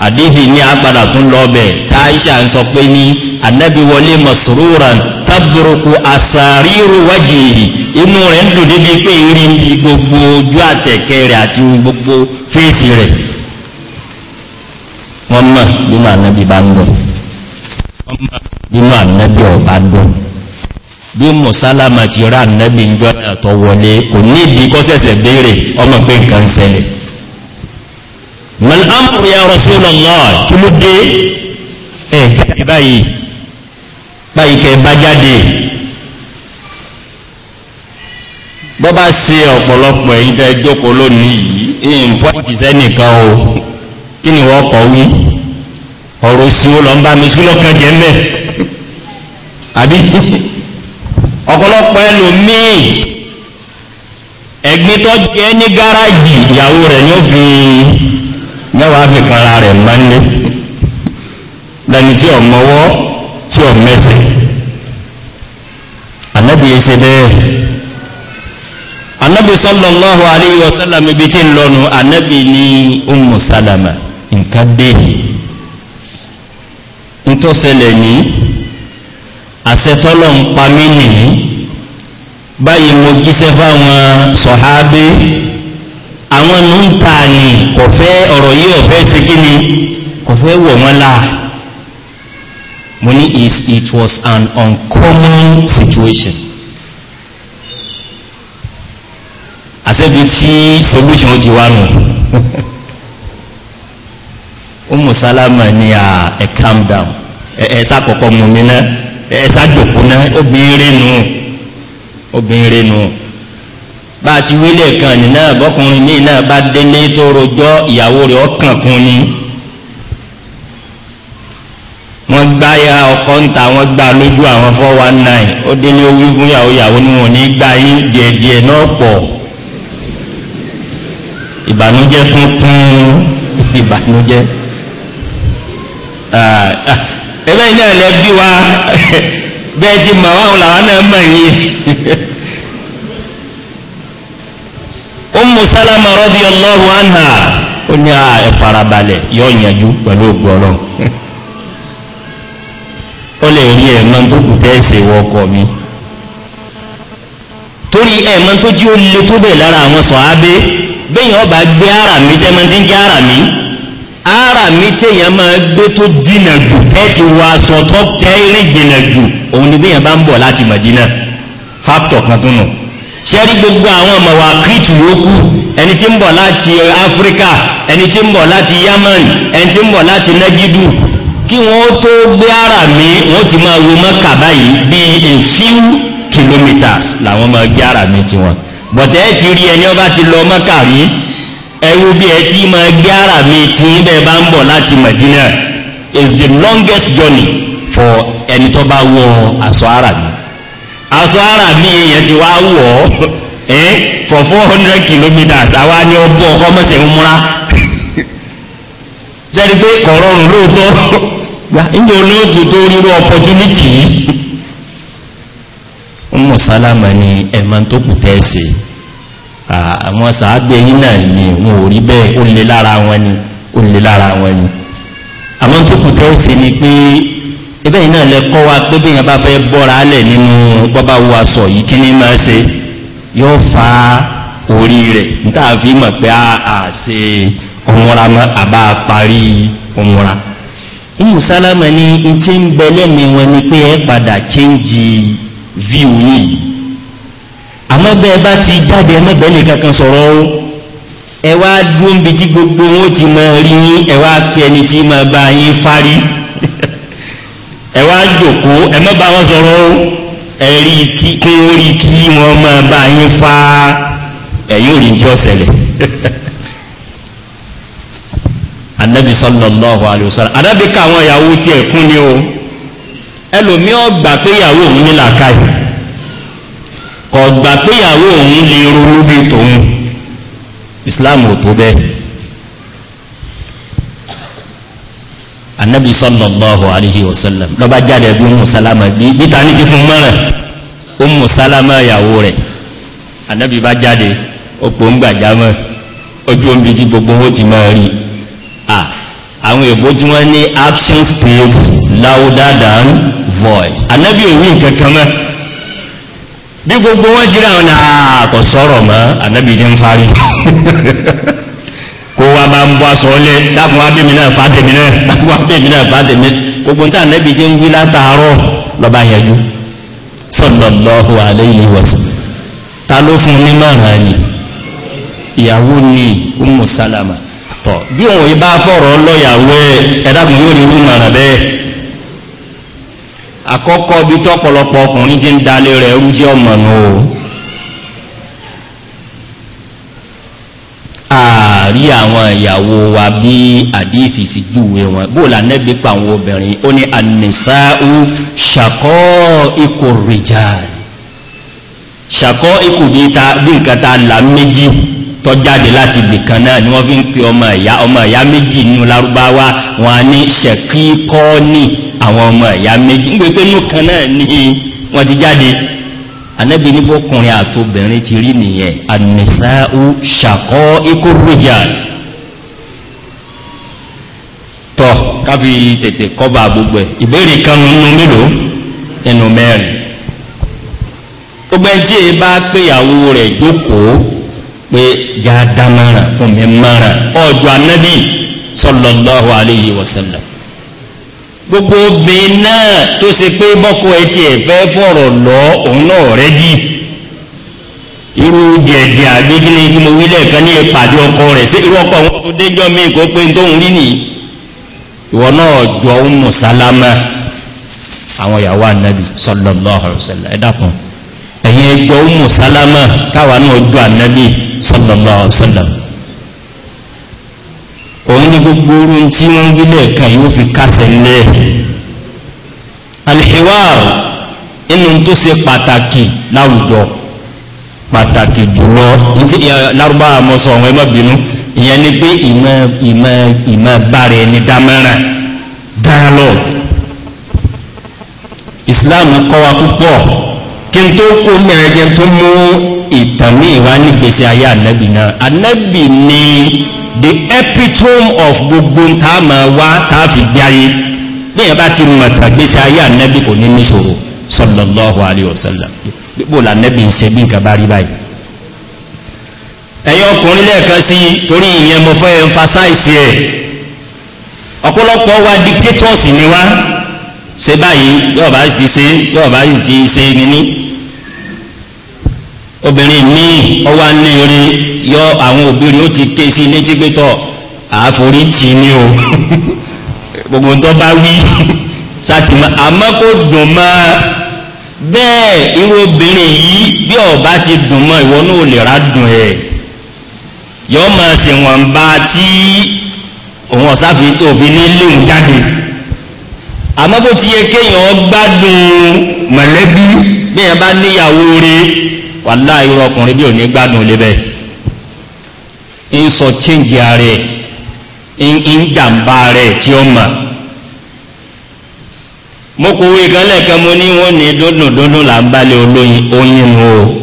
àdífì ní agbada tún lọ bẹ̀ tá aisha ń sọ pé ní anabi wọlé masruran tabruku asariru wajihi inú rẹ̀ ń dùn débi pé irí gbogbo ojú àtẹ̀kẹ́ rẹ̀ àti gbogbo fèsì rẹ̀ wọ́n mọ̀ nínú anabi bá ń dùn wọ́n mọ̀ nínú anabi ọ̀bá dùn bí mùsálàmà ti rá nẹ́bí ń jọ́nà tó wọlé kò ní ìdí kọ́ sẹ́sẹ̀ béèrè ọmọ pé nǹkan sẹlẹ̀ mọ̀lámù ya rọ̀súlọ́lọ́ kí ló dé ẹ̀ jáde báyìí báyìí kẹ bá jáde bọ́ bá se ọ̀pọ̀lọpọ̀ ìdá ẹjọ́kọ̀ lónìí yìí ń pọ́ ìtìsẹ́ nìkan o kí ni wọ́n kọ̀ wí ọ̀rọ̀ sí ó lọ ń bá mi sí lọ́kàn jẹ́ mẹ́ àbí ọ̀pọ̀lọpọ̀ ẹlòmíì ẹ̀gbin tó jẹ́ ní gáràjì ìyàwó rẹ̀ ní ó fi mẹ́wàá fi kanra rẹ̀ mọ́lé lẹ́ni tí ọ̀mọ́wọ́ tí ọ̀mẹ́sẹ̀ anábì ṣe bẹ́ẹ̀ anábì sọ́lọ́lọ́hùn aléyìn ọ̀sálàmù ibi tí ń lọ́nu anábì ní ọmọ sálàmà nǹkan bẹ́ẹ̀ ń tó ṣẹlẹ̀ ní àṣẹtọ́lọ̀ ń pa mí nìyí báyìí mo jíṣẹ́ fáwọn sọ̀háábé àwọn nù ń ta ni kò fẹ́ ọ̀rọ̀ yìí ọ̀fẹ́ sí kí ni kò fẹ́ wọ̀ wọ́n láà mo ní it was an uncommon situation àṣẹ́bi tí solution ti wá nù ó mùsálámà ni à ah, ẹ̀ calm down ẹ̀ ẹ̀ sákọ̀ọ́kọ́ mu mi náà. ẹ̀ẹ́sájòkúná obìnrin rénú bá ti wílẹ̀ kan ní náà bọ́kùnrin ní náà bá délé tó rojọ́ ìyàwó rẹ̀ ọkàn kún ní wọ́n gbáyà ọkọ̀ ń ta wọ́n gbá lójú àwọn 419 ó dé ìyàwó ní wọn ní gbá díẹ̀díẹ̀ náà pọ̀ ìbànújẹ́ ah, ah. ebe iná ẹ̀lẹ́ bí wa bẹ́ẹ̀ ti mọ̀ wáhùn làwọn náà mọ̀ yìí Salama radiyallahu anha ó ní à ah, ẹ̀farabalẹ̀ yọ ìyànjú pẹ̀lú ògbó ọlọ́run ó lè rí ẹ̀mọ́ tó wọ ọkọ mi torí ẹ̀mọ́ tó jí ó le tó bẹ̀ lára àwọn ọba gbé ara mi sẹ́mọ́ tí ń mi. ara mi téèyàn máa gbé tó dínà jù tẹ́tì wọ aṣọ tó tẹ́rì dínà jù òun ni bíyàn bá ń bọ̀ láti mọ̀dínà fáptọ̀ kan tó nù ṣẹ́rí gbogbo àwọn ọmọ wa kìtù yókù ẹni tí ń bọ̀ láti áfíríkà ẹni tí ń bọ̀ láti yamani ẹni tí ń bọ̀ láti nẹ́gídù kí wọ́n tó gbé ara mi wọ́n ti máa wo mọ́kà báyìí bí a few kilometers làwọn máa gbé ara mi tiwọn bọ̀tẹ́ ti rí ẹni ọba ti lọ mọ́kà rí ẹ̀yìn bí ẹ tí máa ara mi tí ibẹ̀ bá ń bọ̀ láti is the longest journey for ẹni tó bá wọ aṣọ ara mi aṣọ ara mi èèyàn ti wá wọ̀ ọ́ eh, for four hundred kilometres àwa ni ó ọkọ mọ̀sẹ̀ ń múra sẹ́ni pé kọ̀ lóòótọ́ nígbà olóòtú tó rírú opportunity yìí ń mọ̀ sálámà ni ẹ̀mọ́ tó kù tẹ́ àwọn sàágbé yí náà ni wọn ò rí bẹ́ẹ̀ ó lè lára wọn ni ó lè lára wọn ni àmọ́ tó kù tẹ́ sí ni pé ẹbẹ́ yìí náà lẹ kọ́ wa pé bíyàn bá fẹ́ bọ́ra alẹ̀ nínú bọ́bá wo aṣọ yìí kí ní máa ṣe yóò fa orí rẹ̀ níta mọ̀ pé a ah, ṣe ọmọra mọ́ àbá parí ọmọra ìmù sálámà ní tí ń bẹ lẹ́mìí wọn ni pé ẹ padà change view yìí àmọ́ bẹ́ẹ̀ bá ti jáde ẹmẹ́gbẹ̀ẹ́lẹ̀ kankan sọ̀rọ̀ o ẹ wá dún bí tí gbogbo wọn ti mọ rí yín ẹ wá pe ẹni tí mọ bá yín fárí ẹ jòkó ẹ wọn sọ̀rọ̀ o ẹ kí kí ó kí wọ́n mọ bá yín fá ẹ yóò jẹ́ ọ̀sẹ̀lẹ̀ anabi sallallahu alayhi wa sallam anabi ká àwọn ìyàwó tiẹ̀ kún ni o ẹlòmíọ́ gbà pé ìyàwó òun ní làákàyè. kọ̀gbà péyàwó òun lè ronú bí tòun islam ò tó bẹ́ẹ̀ annabi sallallahu alaihi wasallam lọ́ba jáde bí umu salama bí níta ní ti fún mọ́rẹ̀ umu salama yàwó rẹ̀ annabi bá jáde ó pò ń gbàjámọ́ ojú omi tí gbogbo ó ti máa rí àwọn èbó tí wọ́n ní action speaks louder than voice annabi òwú nǹkan kan mọ́ bí gbogbo wọn jíra wọn ni àkọ̀ ah, sọ́rọ̀ mọ́ ànábì ní ń fárí kó wa bá ń bọ́ aṣọ ọlẹ́ dákun wá náà fà náà dákun wá náà fà gbogbo ní ànábì jẹ́ ń wí látàárọ̀ ni ìyàwó ni umu salama tọ̀ bí òun yìí bá fọ̀rọ̀ lọ́yàwó ẹ̀ àkọ́kọ́ bí tọ́pọ̀lọpọ̀ ọkùnrin tí ń dalé rẹ̀ rú jẹ́ ọmọ nù ààrí àwọn ìyàwó wa bí àdífì sí júwe wọn bóòlà nẹ́bí pa àwọn obìnrin ó ní ànìsáú ṣàkọ́ ikò rìjà ṣàkọ́ ikò bí nǹkan ta là méjì tọ́ jáde láti bìkan náà ni wọ́n fi ń pe ọmọ ìyá méjì nínú lárúbáwá wọn ní ṣẹ̀kí kọ́ ní àwọn ọmọ ẹ̀yà méjì ń pèpè inú kan náà ni wọ́n ti jáde anábì níbo ọkùnrin àtobìnrin ti rí nìyẹn anisa'u ṣàkọ́ ikú rújà tọ́ kábí tètè kọ́bà gbogbo ẹ̀ ìbéèrè kan nínú mélòó nínú mẹ́rin gbogbo ẹ̀ tí èyí bá péyàwó rẹ̀ jókòó pé já dámàrà fún mi mara ọjọ́ anábì sọlọ́lọ́hu aléyìí wọ́sẹ̀lẹ̀ gbogbo obìnrin náà tó ṣe pé bọ́kọ̀ ẹtì ẹ̀fẹ́ fọ̀rọ̀ lọ òun náà rẹ́ dì irú jẹ̀dẹ̀ àgbégílé tí mo wí lẹ́ẹ̀kan ní ìpàdé ọkọ rẹ̀ sí irú ọkọ̀ wọn tó déjọ́ mi kó pé tóun rí nìyí ìwọ náà jọ ń mùsálámà àwọn ìyàwó ànábì sallallahu alaihi wasallam ẹ̀dàkùn ẹ̀yìn ẹjọ́ ń mùsálámà káwa náà jọ ànábì sallallahu alaihi wasallam òun ní gbogbo orú tí wọ́n ń gbílẹ̀ kan yóò fi kásẹ̀ lẹ̀ alhiwar inú tó ṣe pàtàkì láwùjọ pàtàkì jùlọ lárúbá àmọ́sọ ọ̀hún ẹmọ́ bínú ìyẹn ni pé ìmọ̀ ìmọ̀ ìmọ̀ bára ẹni dámẹ́rẹ̀ dialogue islam kọ́ wa púpọ̀ kí n tó kó mẹ́rẹ̀jẹ tó mú ìtàn ní ìwá nígbèsè ayé ànábì náà ànábì ni the epitome of gbogbo ta ma wá ta fi gbé ayé bí ẹ bá ti mọ̀ tàgbésí ayé ànẹ́bí kò ní níṣòro sallallahu alayhi wa sallam gbogbo lànẹ́bí ń ṣe bí nǹkan bá rí báyìí ẹ̀yọ́ ọkùnrin lẹ́ẹ̀kan sí torí ìyẹn mo fẹ́ emphasize ẹ̀ ọ̀pọ̀lọpọ̀ wa dictators ni wá ṣe báyìí yóò bá ti ṣe yóò bá ti ṣe ní ní obìnrin míì ọwá ní eré yọ àwọn obìnrin ó ti ké sí létí pétọ̀ àforíjì ni o gbogbo tó bá wí sátìmọ́ àmọ́ kó dùn mọ́ bẹ́ẹ̀ irú obìnrin yìí bí ọba ti dùn mọ́ ìwọ náà lè rá dùn ẹ̀ yọ mọ̀ sí wọn bá tí òun ọ̀sáfi tó ní léun jáde àmọ́ bó ti yẹ kéèyàn gbádùn mọ̀lẹ́bí bí yẹn bá níyàwó rèé wà láàrín ọkùnrin bí ò ní gbádùn lé bẹ́ẹ̀ ń sọ chíǹjì ààrẹ ń jàǹbá rẹ̀ tí ó mọ̀ mo kò wé kan lẹ́ẹ̀kan mo ní wọ́n ní là ń o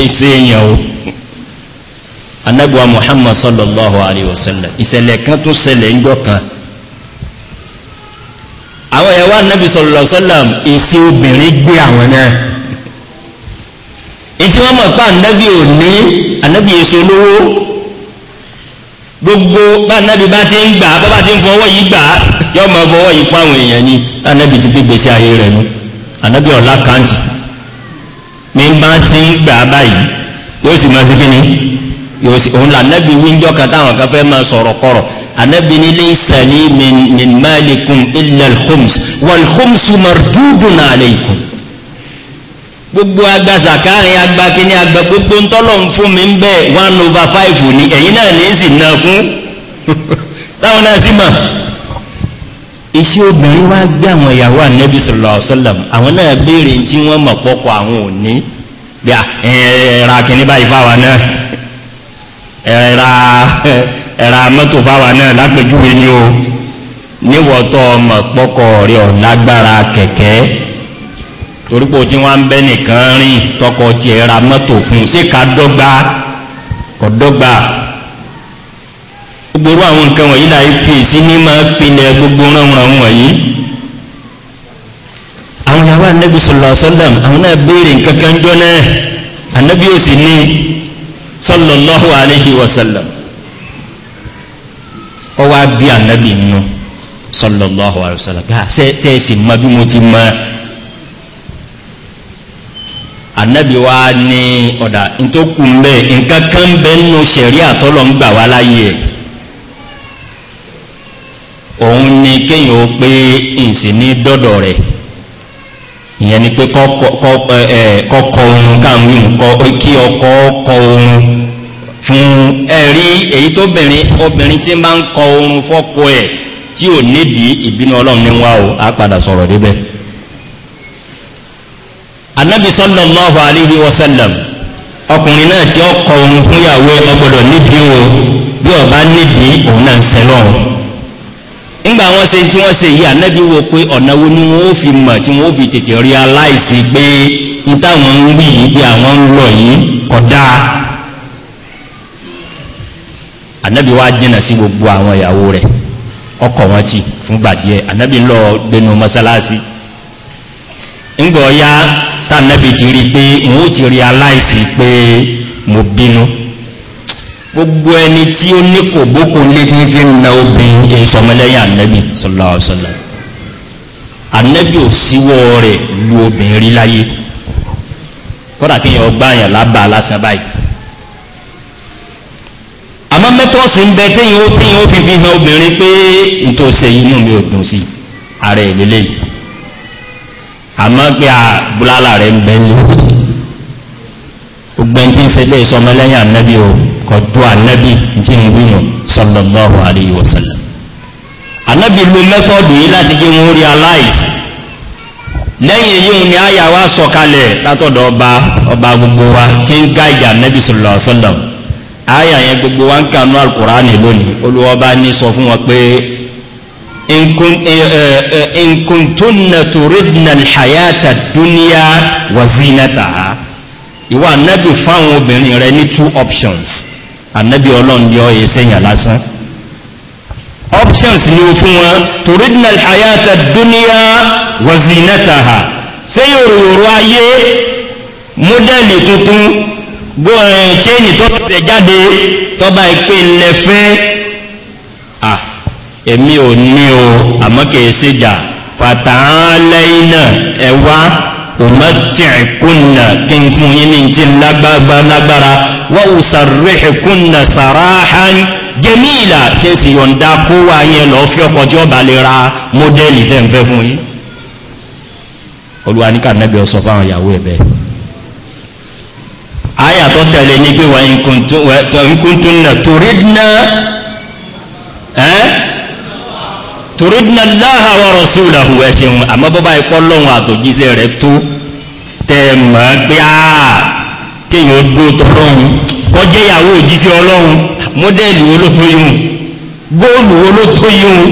èsì èèyàn o anabuwa muhammad sallallahu alayhi wa sallam ìṣẹ̀lẹ̀ kan tó ṣẹlẹ̀ ńjọ́ kan àwọn ẹ̀wà anabi sallallahu alayhi wa sallam èsì obìnrin gbé àwọn náà. tí wọ́n mọ̀ pa ànábì ò ní ànábì èso olówó gbogbo bá ànábì bá ti ń gbà bá bá ti ń fọwọ́ yìí gbà yọ mọ̀ fọwọ́ yìí pa àwọn èèyàn ni ànábì ti gbégbé sí ayé rẹ̀ nu ànábì ọ̀la kàǹtì mi bá ti ń gbà báyìí yóò sì máa ṣe kí ni yóò sì òun là ànábì wíńjọ́ kan táwọn kan fẹ́ máa sọ̀rọ̀ kọ̀rọ̀ ànábì ní lè sàlí min malikum illa al-khums wal-khumsu mardudun alaykum gbogbo agbàsà káàrin agba kíní agba gbogbo ń ń fún mi ń bẹ́ one over five ní ẹ̀yìn náà ní sì náà fún táwọn náà sì mọ̀ iṣẹ́ obìnrin wá gbé àwọn ìyàwó ànẹ́bí sọ̀rọ̀ ọ̀sọ́lọ̀m àwọn náà béèrè tí wọ́n mọ̀ pọ́kọ̀ àwọn òní bí ẹ̀rà kíní báyìí fáwa náà ẹ̀rà mọ́tò fáwa náà lápẹjúwe ni o níwọ̀tọ̀ mọ̀ pọ́kọ̀ rẹ̀ ọ̀lágbára kẹ̀kẹ́ torípò tí wọ́n ń bẹ́ nìkan rìn tọkọ ti ẹ̀ra mọ́tò fún sí ká dọ́gba kọ̀ dọ́gba gbogbo àwọn nǹkan wọ̀nyí láì fi sí ní máa pinlẹ̀ gbogbo ránran wọ̀nyí àwọn ìyàwó anábì sọlọ sọlọm àwọn náà béèrè nǹkan kan jọ náà anábì ò sì ní sọlọ lọ́hùn aláhi wasallam ọwọ́ bí anábì nù sọlọ lọ́hùn aláhi wasallam tẹ́ ẹ sì mọ bí mo ti máa. annabi wa ní ọ̀dà tó kù ń bẹ́ nǹkan kan bẹ́ nínú sẹ̀rí àtọ́lọ ń gbà wá láyé ẹ̀ òun ni kéyàn ó pé ìsìn ní dọ́dọ̀ rẹ̀ ìyẹn ni pé kọ́kọ́ ohun káàmù kí ọkọ̀ ohun fún ẹ̀rí èyí tó bìnrin obìnrin tí kọ ohun ẹ̀ tí ò nídìí ìbínú ọlọ́run ní wá o á padà anabi sallallahu alayhi wa ọkùnrin náà tí ó kọ ohun fún yàwó ọgbọdọ níbi o bí ọba níbi òun náà ń nígbà wọn ṣe tí wọn ṣe yìí anabi wo pé ọ̀nà wo ni wọn ó fi mọ̀ tí wọn ó fi tètè rí aláìsí pé ìtàwọn ń wí yìí bí àwọn anabi wa jìnnà sí gbogbo àwọn ìyàwó tánàbí ti rí pé wọ́n ti rí aláìsí pé mo bínú gbogbo ẹni tí ó ní kò bókò lé tí fi ń na obìnrin èsọmọlẹ́yìn ànẹ́bì sọ́lọ́ọ̀sọ́lọ́ ànẹ́bì ò síwọ́ rẹ̀ lu obìnrin rí láyé kọ́dà kí yẹn ọgbà yẹn lábà lásán báyìí àmọ́ mẹ́tọ́ọ̀sì ń bẹ téyìn ó téyìn ó fi fi hàn obìnrin pé nítòsí inú mi ò dùn sí ààrẹ ìlélẹ́yìí àmọ́ pé à búlálà rẹ̀ ń bẹ́ lé ogbẹ́n tí ń se lé sọmọ annabi o kọ̀dọ̀ annabi tí ń wíyàn sọlọ̀lọ́rùn àríyí wọ̀sẹ̀lẹ̀ ànẹ́bí lo yìí láti gé wọn rí aláìsí lẹ́yìn yíò ni àyà sọ̀kalẹ̀ látọ̀dọ̀ ọba ọba gbogbo wa tí ń gbogbo wa ń olúwọ́ bá ní sọ fún wọn in kuntunna turidna alhayata dunya wa zinataha ìwà ànábì fáwọn obìnrin rẹ ní two options ànábì ọlọ́run yọ ẹsẹ̀yàn lásán options ni o fún wọn turidna alhayata dunya wa zinataha ṣé yòròyòrò ayé mọ́dẹ́lì tuntun bó ẹ̀ ṣéènì tó tẹ̀ jáde tọ́ba ìpè lẹ́fẹ́ ah èmi ò ní o àmọ́kẹ̀ ìsìjà fàtàálẹ́ìnà ẹwà òmọ́tìkúnnà kí n fún yí ní tí lágbára wọ́n sàrẹ́kúnnà sàráhán jẹ́míìlà kí sì yọ̀nda kó wà yẹn lọ fí ọkọ̀ tí ó bà lè ra mọ́dẹ́lì tẹ́ ń fẹ́ fún yí olúwa ní kànẹ́bẹ̀ ọ̀sọ̀ fáwọn ìyàwó ẹ̀bẹ̀ ayàtọ̀ tẹ̀lé ní pé wà ń kúntúnnà torí náà ẹ́ torídìnà láhà wọ́rọ̀ sí òlàhù ẹ̀ṣẹ̀un àmọ́bọ́bá ikọ́ lọ́wọ́ àtòjíṣẹ́ rẹ̀ tó tẹ̀mọ̀ pé àà kéyìn ó dúró tọ́lọ́run kọjẹ́ ìyàwó òjíṣẹ́ ọlọ́run mọ́dẹ́lì wo ló tó yíhun góòlù wo ló tó yíhun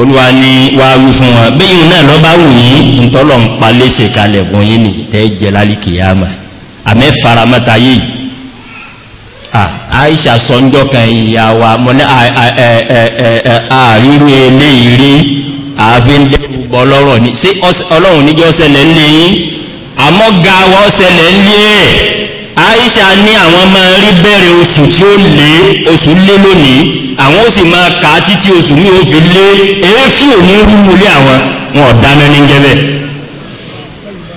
olúwa ni wàá wí fún wọn bẹ́yìn náà lọ́ba wù yín ntọ́lọ́ ń palẹ́ ṣèkalẹ̀ fún yín nìyí tẹ́ jẹ́ lálẹ́ kìyàmà àmẹ́ faramátayé yìí aisha sọ́njọ́ kan ìyà wa mọ́ ní ààrírú ilé ìrí ààfin dẹ́gbùgbọ́ ọlọ́rọ̀ ní sí ọlọ́run níjọ́ sẹlẹ̀ ńlẹ̀ yìí àmọ́ ga wa sẹlẹ̀ ńlẹ̀ ẹ̀ aisha ní àwọn máa rí bẹ̀rẹ̀ oṣù tí ó lé oṣù lé lónìí àwọn ó sì máa kà á títí oṣù ní òfin lé èéfì òní rúmulé àwọn wọn ọ̀dáná ní jẹ́bẹ̀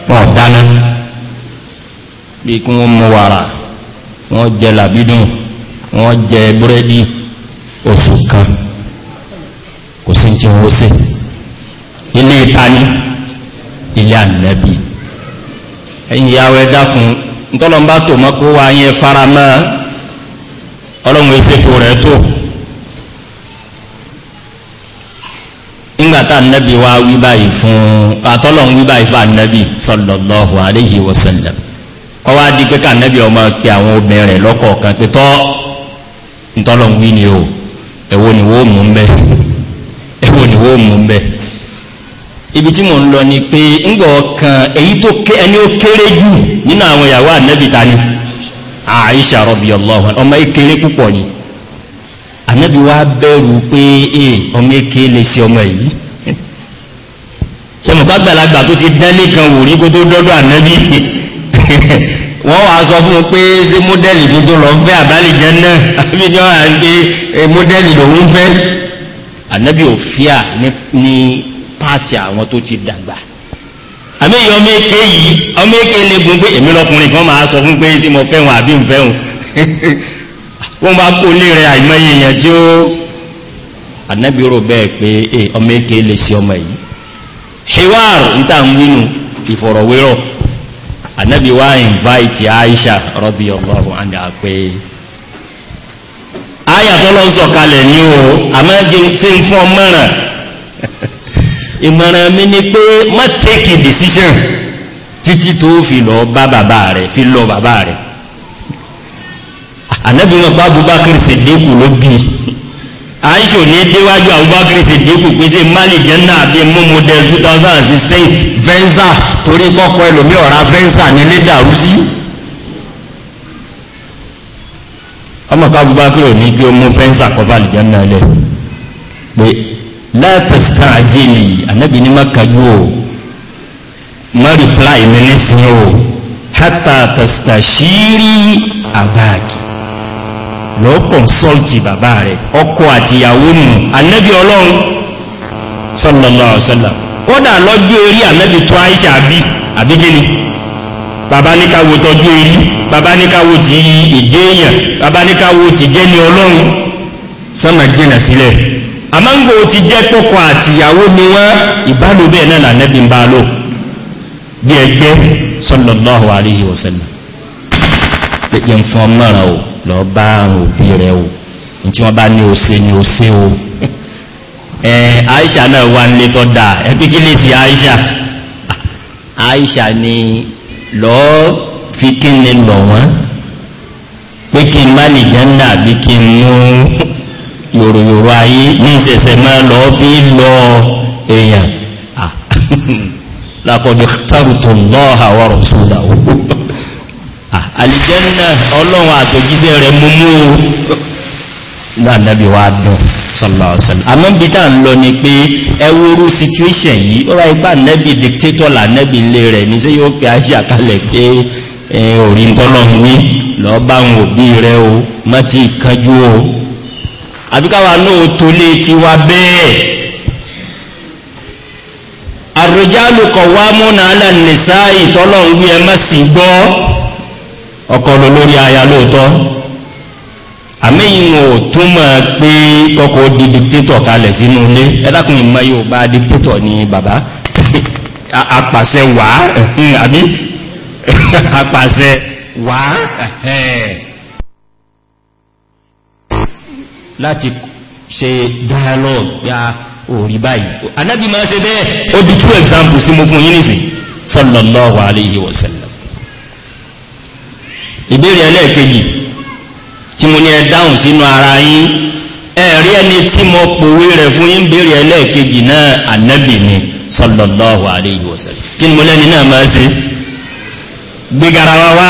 wọn ọ̀dáná bí kí wọ́n mú wàrà wọ́n jẹ́ làbídùn wọ́n jẹ búrẹ́dì oṣù kan kò sí tí wọ́n ṣe ilé ìtaní ilé ànẹ́bì ẹ̀yìn ìyàwó ẹ̀dàkùn ntọ́lọ̀mbá tó mọ́ kó wá yẹn ọlọ́run ẹ̀ṣẹ́kù rẹ̀ tó wá wí báyìí fún àtọ́lọ̀n wí báyìí fún ànẹ́bí sọ̀lọ̀lọ́hùn kà ọmọ pé àwọn obìnrin rẹ̀ lọ́kọ̀ọ̀kan ntọ́lọ̀ wí ni o ẹ̀wọ́ ni wó mú mbẹ́ ẹ̀wọ́ ni wó mú mbẹ́ ibi tí mo ń lọ ni pé ńgbọ̀ kan èyí tó ẹni ó kéré jù nínú àwọn ìyàwó ànẹ́bìta ni àìṣà rọ̀bì ọlọ́run ọmọ ìkéré púpọ̀ yìí ànẹ́bì wá bẹ̀rù pé e ọmọ èké lè ṣe ọmọ yìí ṣe mọ̀ bá gbàlagbà tó ti dán lé kan wò rí kó tó dọ́dọ̀ ànẹ́bì wọ́n wàá sọ fún pé ṣé mọ́dẹ́lì tó tó lọ fẹ́ àbálì jẹ́ náà àbí ni wọ́n á fẹ́ ànábì òfíà ní àwọn tó ti dàgbà àmì ọmọ èké yìí ọmọ èké lè gun pé èmi lọkùnrin kan máa sọ fún pé mo fẹ́ wọn àbí wọn wọ́n bá kó lé àìmọye tí ó ànábì rò bẹ́ẹ̀ pé ọmọ èké lè ọmọ yìí ànábì wá invite aisha rọ́bì ọlọ́run àdá pé aya tọ́lọ́ sọ̀kalẹ̀ o àmọ́jẹ tí ń fọ́ mọ́ràn mi ni take a decision titi to fi lọ bá bàbá fi lọ bàbá rẹ̀ ànábì àìṣò ní déwájú àwùbákiri sèdíkù pé sí mali jẹ́nà àbí múmu dẹ̀ 2016 venza torí kọ́kọ́ ẹlòmí ọ̀rá venza ní ní dàrúsí ọmọkà àwùbákiri ní kí o mú venza kọ́ bá lìjẹ́nà lẹ̀ pé lẹ́tẹ̀sán àjèlì ànábì ní mọ́kàjú o mọ́ rìpláì mi nísìnyí o hátà tẹ̀sán ṣírí àbáàkì lọ kọ̀nsọ́ltì bàbá rẹ̀ ọkọ̀ àtìyàwó nù anẹ́bí ọlọ́run sọ́lọ́lọ́ ọ̀sọ́lọ́ lọ́jọ́ orí anẹ́bí tó àìṣà àbí àbígẹ́ni bàbá tọ́jú orí bàbá ní ti èdè èèyàn bàbá ní ti gẹ́ni ọlọ́run sọ́nà jìnà sílẹ̀ àmọ́ngbò ti jẹ́ tọkọ àtìyàwó ni wọ́n ìbálò bẹ́ẹ̀ náà lànẹ́bí ń bá lò bí ẹgbẹ́ o lọ bá àwọn òbí rẹ̀ o ní tí wọ́n bá ní ose ní ose o ẹ aisha náà wà nílé tọ́ da ẹ kí lè sí aisha aisha ni lọ fi kí ni lọ wọ́n pé kí n má lè jẹ́ńdà bí kí n mú yòròyòrò ayé ní ìṣẹ̀ṣẹ̀ máa lọ fi lọ èèyàn lápọ̀dọ̀ tàrùtù lọ́ha wà rọ̀ sódà ó àlìjẹ́nà ọlọ́run àtòjíṣẹ́ rẹ̀ mú o lọ́nàbí wa dùn sọ́lọ́ọ̀sọ́lọ́ àmọ́ bí ń lọ ni pé ẹwúrú situation yìí ó ra ipá nẹ́bí dictator là nẹ́bí ilé rẹ̀ ní sí yóò pé ajá àkálẹ̀ pé orí tọ́lọ́run ní lọ bá ń òbí rẹ̀ o mọ́ ti o àbíkáwà náà tó lé ti bẹ́ẹ̀ àròjálù kọ̀wá múnà alẹ́ nìsáà ìtọ́lọ́run wí ẹ mọ́ gbọ́ ọkọlọ lórí aya lóòtọ́ àmìyàn ò túnmọ̀ pé kọ́kọ́ di dìktétọ̀ kalẹ̀ sínú ilé ẹ́dàkùn ìmọ̀ yóò bá dìktétọ̀ ní bàbá apàṣẹ wà àbí apàṣẹ wà láti ṣe dialogue ya òrí báyìí anábì máa ṣe bẹ́ẹ̀ ó di two examples sí mo fún yínyìn sọ́lọ̀lọ́wà aléyìí ìbéèrè ẹlẹ́ẹ̀kejì tí mo ní ẹ dáhùn sínú ara yín ẹ̀rí ẹni tí mo pòwe rẹ̀ fún yín béèrè ẹlẹ́ẹ̀kejì náà ànábì ni sallallahu alayhi wa sallam kí ni mo lẹ́ni náà máa ṣe gbé garawa wá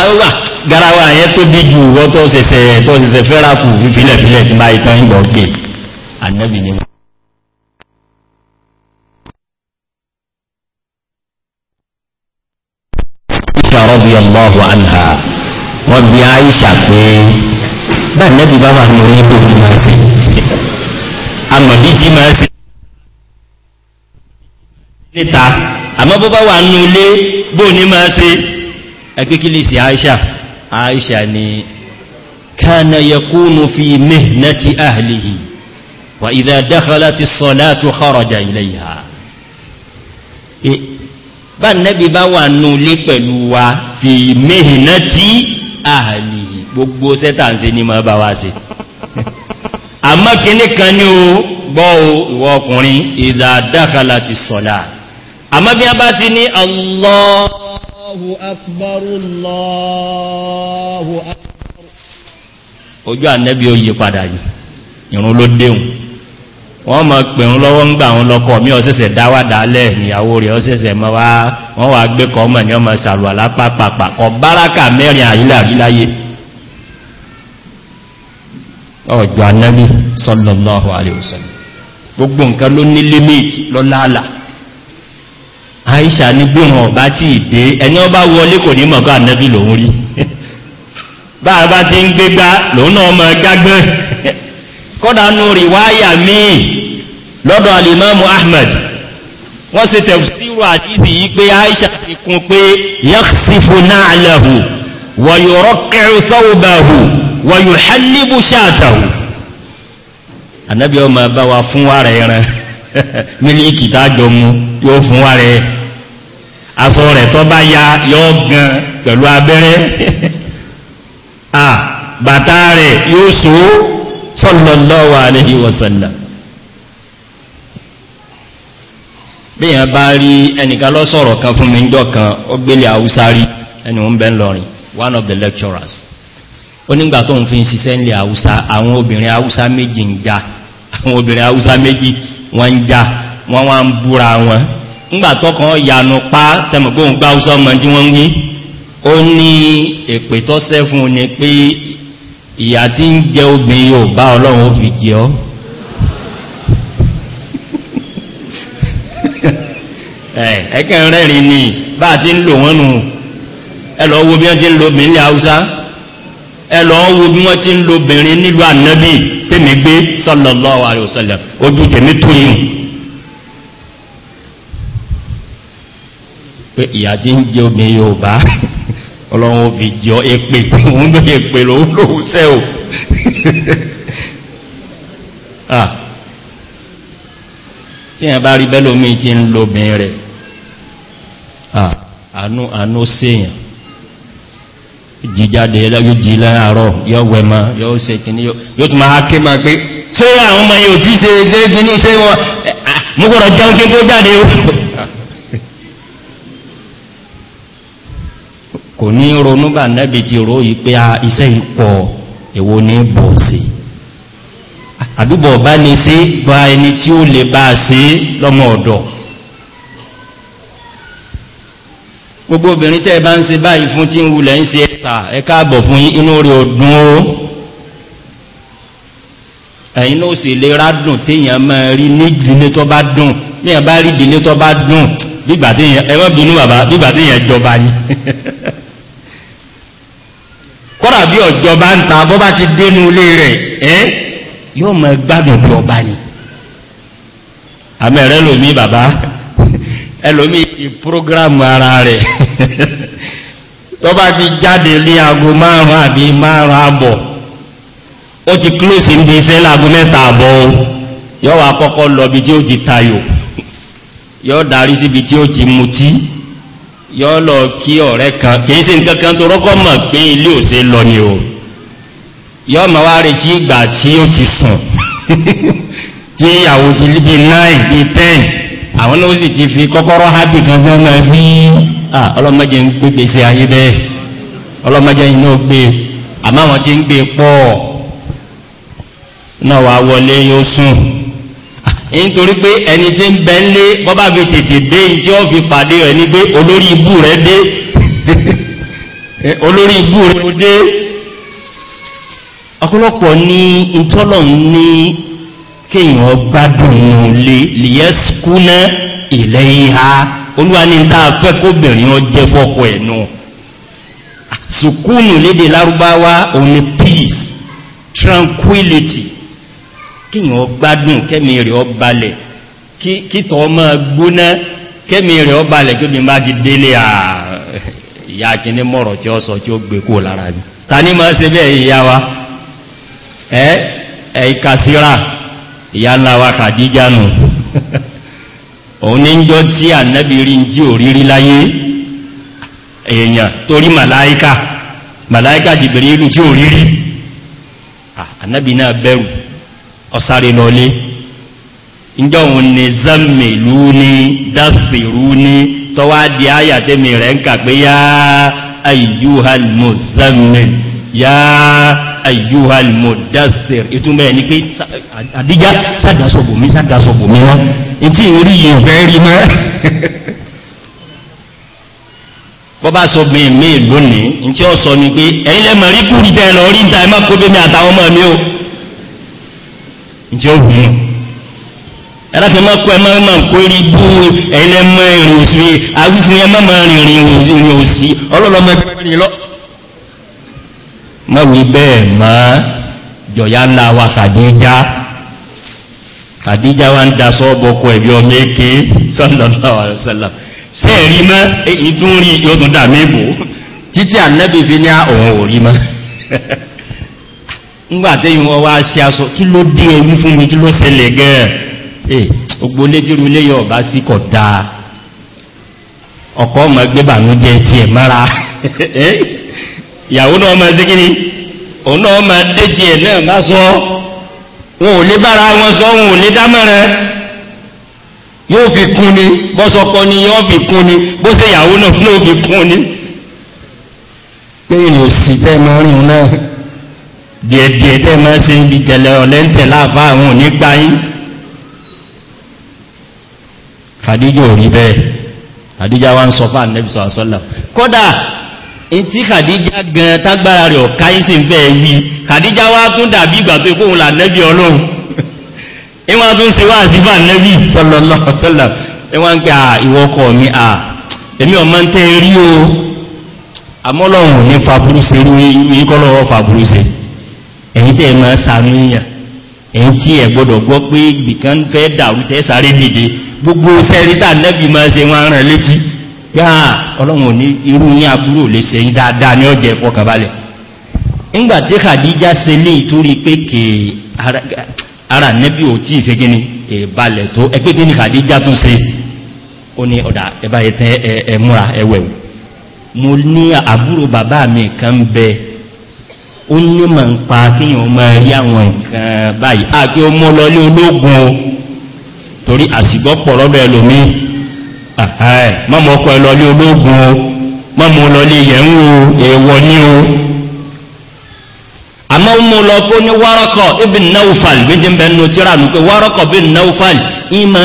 àwa garawa yẹn tóbi ju ìwọ́ tó ṣẹ̀ṣẹ̀ رضي الله عنها وابي عائشة بان نبي بابا نريد من اما دي جي ماسي نتا اما بابا وانو لي بوني عائشة كان يكون في مهنة اهله وإذا دخلت الصلاة خرج إليها bá nẹ́bí bá wà nù lé pẹ̀lú wa fi méhìnà tí ààlì gbogbo sẹ́tà ń se ní máa bá wá se àmọ́ kìíní kan ní o gbọ́ o ìwọ ọkùnrin ìdàdákàlà ti sọ̀lá àmọ́ bí a bá ti ní allahu akbar allahu akbar ojú ànẹ́bí ó yí padà yìí ìrún ló wọ́n ma pẹ̀rún lọ́wọ́ ń gbà wọn lọ́kọ̀ mí ọ̀sẹ̀sẹ̀ dáwàdà alẹ́ ìyàwó rẹ̀ ọ̀sẹ̀sẹ̀ ma wá wọ́n wà gbé kọ ọmọ ní ọmọ sàrùwà lápapàpà kọ báraka mẹ́rin àyílà rí láyé ọjọ́ anábí sọ́lọ́lọ́hù alẹ́ọ̀sẹ̀lẹ̀ kọ́dánú ríwáyà míì lọ́dọ̀ alìmọ́mù ahmed wọ́n sì tẹ̀síwò àdíbì yí pé aisha fi kún pé yẹ́sìfò náà lẹ́hù wọ̀yọ̀rọ̀ kẹrù sọ́wọ́bẹ̀hù wọ̀yọ̀ hẹ́líbù ṣáàtàhù anábí ọmọ bá wa fún wa rẹ̀ ah, bàtà rẹ̀ yóò sòó sallallahu alayhi wa sallam bí yẹn bá rí ẹnìkan lọ sọ̀rọ̀ kan fún mi jọ kan ó gbélé haúsá ẹni wọ́n bẹ́ one of the lecturers ó nígbà tó ń fi ṣiṣẹ́ ńlẹ̀ haúsá àwọn obìnrin haúsá méjì ń já àwọn obìnrin haúsá méjì wọ́n ń wọ́n yanu pa ọmọ tí wọ́n ń ìyà tí ń jẹ obìnrin yóò bá ọlọ́run ó fi jẹ ọ́ ẹ̀kẹ́ rẹ̀rin ni bá ti ń lò wọ́n nù ẹlọ wo bí wọ́n ti ń lo obìnrin ilẹ̀ haúsá ẹlọ wo bí wọ́n ti ń lo obìnrin nílùú ànábì tèmi gbé sallallahu alaihi ojú tèmi tó yìí pé ìyà tí ń jẹ obìnrin yóò bá ọlọ́run fi jọ èpè òun ló èpè lòun lòun sẹ́ o ah. tí a bá rí bẹ́lómi tí ń lo bìn rẹ̀ ah, àánú àánú séèyàn jíjáde ẹlẹ́gbẹ́ jí láàárọ̀ yọ wẹ̀mọ́ yọ ṣe kìíní yóò tún máa ké máa pé ṣé àwọn ọmọ yóò tí ṣe ṣe kìíní ṣe wọn eh, ah, mú gbọ́dọ̀ jẹun kí tó jáde kò ní ronú bá nẹ́bí ti ro ah, yìí pé a iṣẹ́ ìpọ̀ èwo ní bọ̀ sí àdúgbò bá ní sí bá ẹni tí ó lè bá sí lọ́mọ ọ̀dọ̀ gbogbo obìnrin tẹ́ bá ń se báyìí fún tí ń wulẹ̀ ń se ẹ̀sà ẹ̀ká àbọ̀ fún inú rí ọdún ó ẹ̀yìn ló sì lè rádùn téèyàn máa rí ní ìdílé tó bá dùn ní ẹ̀bá rí ìdílé tó bá dùn bígbà téèyàn ẹ̀wọ́n bínú bàbá bígbà téèyàn jọba ni bí ọ̀jọba ń ta bọ́ bá ti dénú ilé rẹ̀ ẹ́ yóò mọ̀ gbádùn bí ọba ni àmẹ́rẹ́ lómi bàbá ẹlòmí ti prógrámù ara rẹ̀ tó bá ti jáde ní aago márùn-ún àbí márùn-ún àbọ̀ ó ti close ní iṣẹ́ láago mẹ́ta àbọ̀ yọ́wọ́ akọ́kọ́ lọ bí tí ó ti tayò yọ́ darí síbi tí ó ti mutí yọọ lọ kí ọ̀rẹ́ kan kìí sí nkankan tó rọ́kọ́ mọ̀ pé ilé òsè lọ ni o yọ́ ma wá retí ìgbà tí ó ti sùn tí ìyàwó ti líbi 9 bí 10 àwọn náà sì ti fi kọ́kọ́rọ́ hábì kankan náà fi ọlọ́mọdé ń gbé gbèsè ayé bẹ́ẹ̀ ọlọ́mọdé iná gbé àmọ́ àwọn ti ń gbé pọ̀ náà wà wọlé yóò sùn nítorí pé ẹni tí ń bẹ ń lé bọ́bá fi tètè dé in tí ó fi pàdé rẹ̀ ní pé olórí ibú rẹ̀ dé olórí ibú rẹ̀ dé ọ̀pọ̀lọpọ̀ ní ìtọ́lọ̀ ní kéèyàn gbádùn lè lìyẹ́skúná ilẹ̀ ìhà olúwa ní ta fẹ́ kóbìnrin ọ jẹ́ ẹ̀ nù sùkúnù léde lárúbáwá òun peace tranquility kíyàn gbádùn kẹ́mì rẹ̀ ọ balẹ̀ kítọ̀ ọmọ gbóná kẹ́mì rẹ̀ ọ balẹ̀ kí bí má ti délé ìyá kìíní mọ̀rọ̀ tí ó sọ tí ó gbé kó lára ní ta ní máa ṣe bẹ́ẹ̀ ìyá wa ẹ́ ẹ̀ka síra ìyá ńlá wa kàdíjánù òun ní náà bẹ̀rù ọ̀sáré lọlé ìjọ òun ni zẹ́mìlú ní dáfìrú ní tọ́wá di áyà tẹ́mì rẹ̀ ń kàgbé yá ayyúhalmù zẹ́mìl yá ayyúhalmù dáfìr ìtumẹ̀ ní pé àdíjá sádásọ̀bùnmí sádásọ̀bùnmí wọ́n ìtí ìrí yìí fẹ́ rí mọ́ bọ́bá sọ bìn mí lónìí ní tí ó sọ ní pé ẹ̀yìn rí kúrìtẹ́ lọ rí ìta ẹmọ́ kó bẹ́ mi àtàwọn ọmọ mi o ǹjẹ́ ó wùmọ̀ ẹ̀láfẹ́ máa kó ẹmọ́ ẹmọ́ kó rí bú ẹ̀lẹ́mọ́ ìrìn òsì awífún ẹmọ́ máa rìnrìn ìrìn òsì ọlọ́lọ́mọ ẹgbẹ̀rin lọ mọ́wí bẹ́ẹ̀ má ńlá wa kàdíjá kàdíjá wa ń da ẹ̀bí ọmọ èké sọ́ọ̀lọ́lọ́ ńgbàtẹ́ ìwọ̀n wá ṣe aṣọ kí ló dé ẹwí fún mi kí ló sẹlẹ̀ gẹ́ẹ̀ ẹ̀ eh, ogbó létírú ilé yọ bá sí kọ̀ dáa ọkọ̀ ọmọ ẹgbẹ́ bànújẹ ti ẹ̀ e mara ìyàwó náà ọmọ ẹsẹ́ kíni òun náà ọmọ ẹdẹ ti ẹ̀ e náà bá sọ wọn ò lé bára wọn sọ wọn ò lé dámọ̀rẹ́ yóò fi kún ni bọ́sọkọ ni yóò fi kún ni bó ṣe ìyàwó náà ló fi kún ni pé ìrìn òsì tẹ́ mọ́ náà díẹ̀díẹ̀ tẹ́ mọ́ sí ibi tẹ̀lẹ̀ ọ̀lẹ́ntẹ̀ láàfá àwọn onígbà yí khadija ò rí bẹ́ẹ̀ khadija wá ń sọ fà nẹ́bìsọ̀ àsọ́là kódà in ti khadija gan tágbára rẹ̀ ọ̀ká yí sí ń fẹ́ wí khadija wá tún dàbí ìgbà tó ikóhun là nẹ́bì ọlọ́run ìwọ́n tún ṣe wá sí fà nẹ́bì sọ́lọ́lọ́ ìwọ́n ń pẹ́ à ìwọ́kọ̀ ẹ̀yìn tẹ́ ma sàmìyàn ẹ̀yìn tí ẹ̀ gbọ́dọ̀ gbọ́ pé ibìkan fẹ́ dàrú tẹ́ sáré dìde gbogbo sẹ́rítà nẹ́bì ma ṣe wọn rán létí yáà ọlọ́run ní irú yín àbúrò lè ṣe ń dáadáa ní ọjẹ́ ìfọkànbalẹ̀ ńgbà tí kàdíjá se lé ìtorí pé kè ara nẹ́bì ò tí ìṣe gíní kè balẹ̀ tó ẹgbẹ́ gíní kàdíjá tún ó ní mọ̀ ń pa kíyàn mọ́ rí àwọn nǹkan báyìí àti ó mọ́ lọlé ológun torí àsìgbọ́ pọ̀ lọ́dọ̀ ẹlòmí mọ́mọ́ ọkọ̀ ẹlọlé ológun mọ́mọ́ lọlé ewu èèwọ̀ ní o àmọ́ ó mú lọ kó ní wárọ́kọ̀ ibi náufal méjì ń tíra nù pé wárọ́kọ̀ ìmọ̀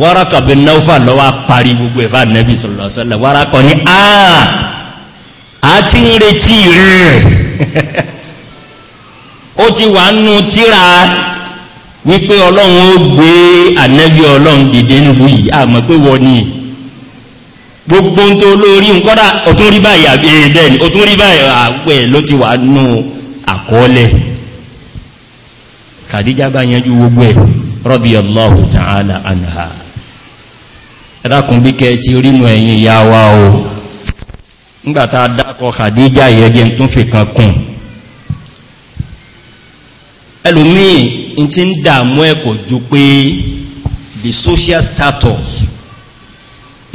wọ́rọ̀kọ̀ bí náufà lọ́wọ́ parí gbogbo ẹ̀fà nẹ́bí sọ̀lọ̀sọ̀lọ̀ wọ́rọ̀kọ̀ ní àà a ti ń retí rẹ̀ ó ti wà nù tíra wípé ọlọ́run ó gbé ànẹ́bí ọlọ́run dìde nìlú yìí àmọ́ pé wọ́n ni gbogbo tó lórí nkọ́dá ọ̀tún rí báyìí àbí eh, ẹ̀ẹ́dẹ́ ni ọ̀tún rí báyìí àwẹ̀ ló ti wà nù àkọọ́lẹ̀ kàdíjá bá yanjú gbogbo ẹ̀ rọ́bì allahu ta'ala anha ẹ̀dàkùn bí kẹ ti orínú ẹ̀yìn ìyá wa o ńgbàtà dákọ̀ khadija ìyẹ́jẹ́ tó fi kan kùn ẹlòmíì in ti ń dàmú ẹ̀kọ̀ jù pé the social status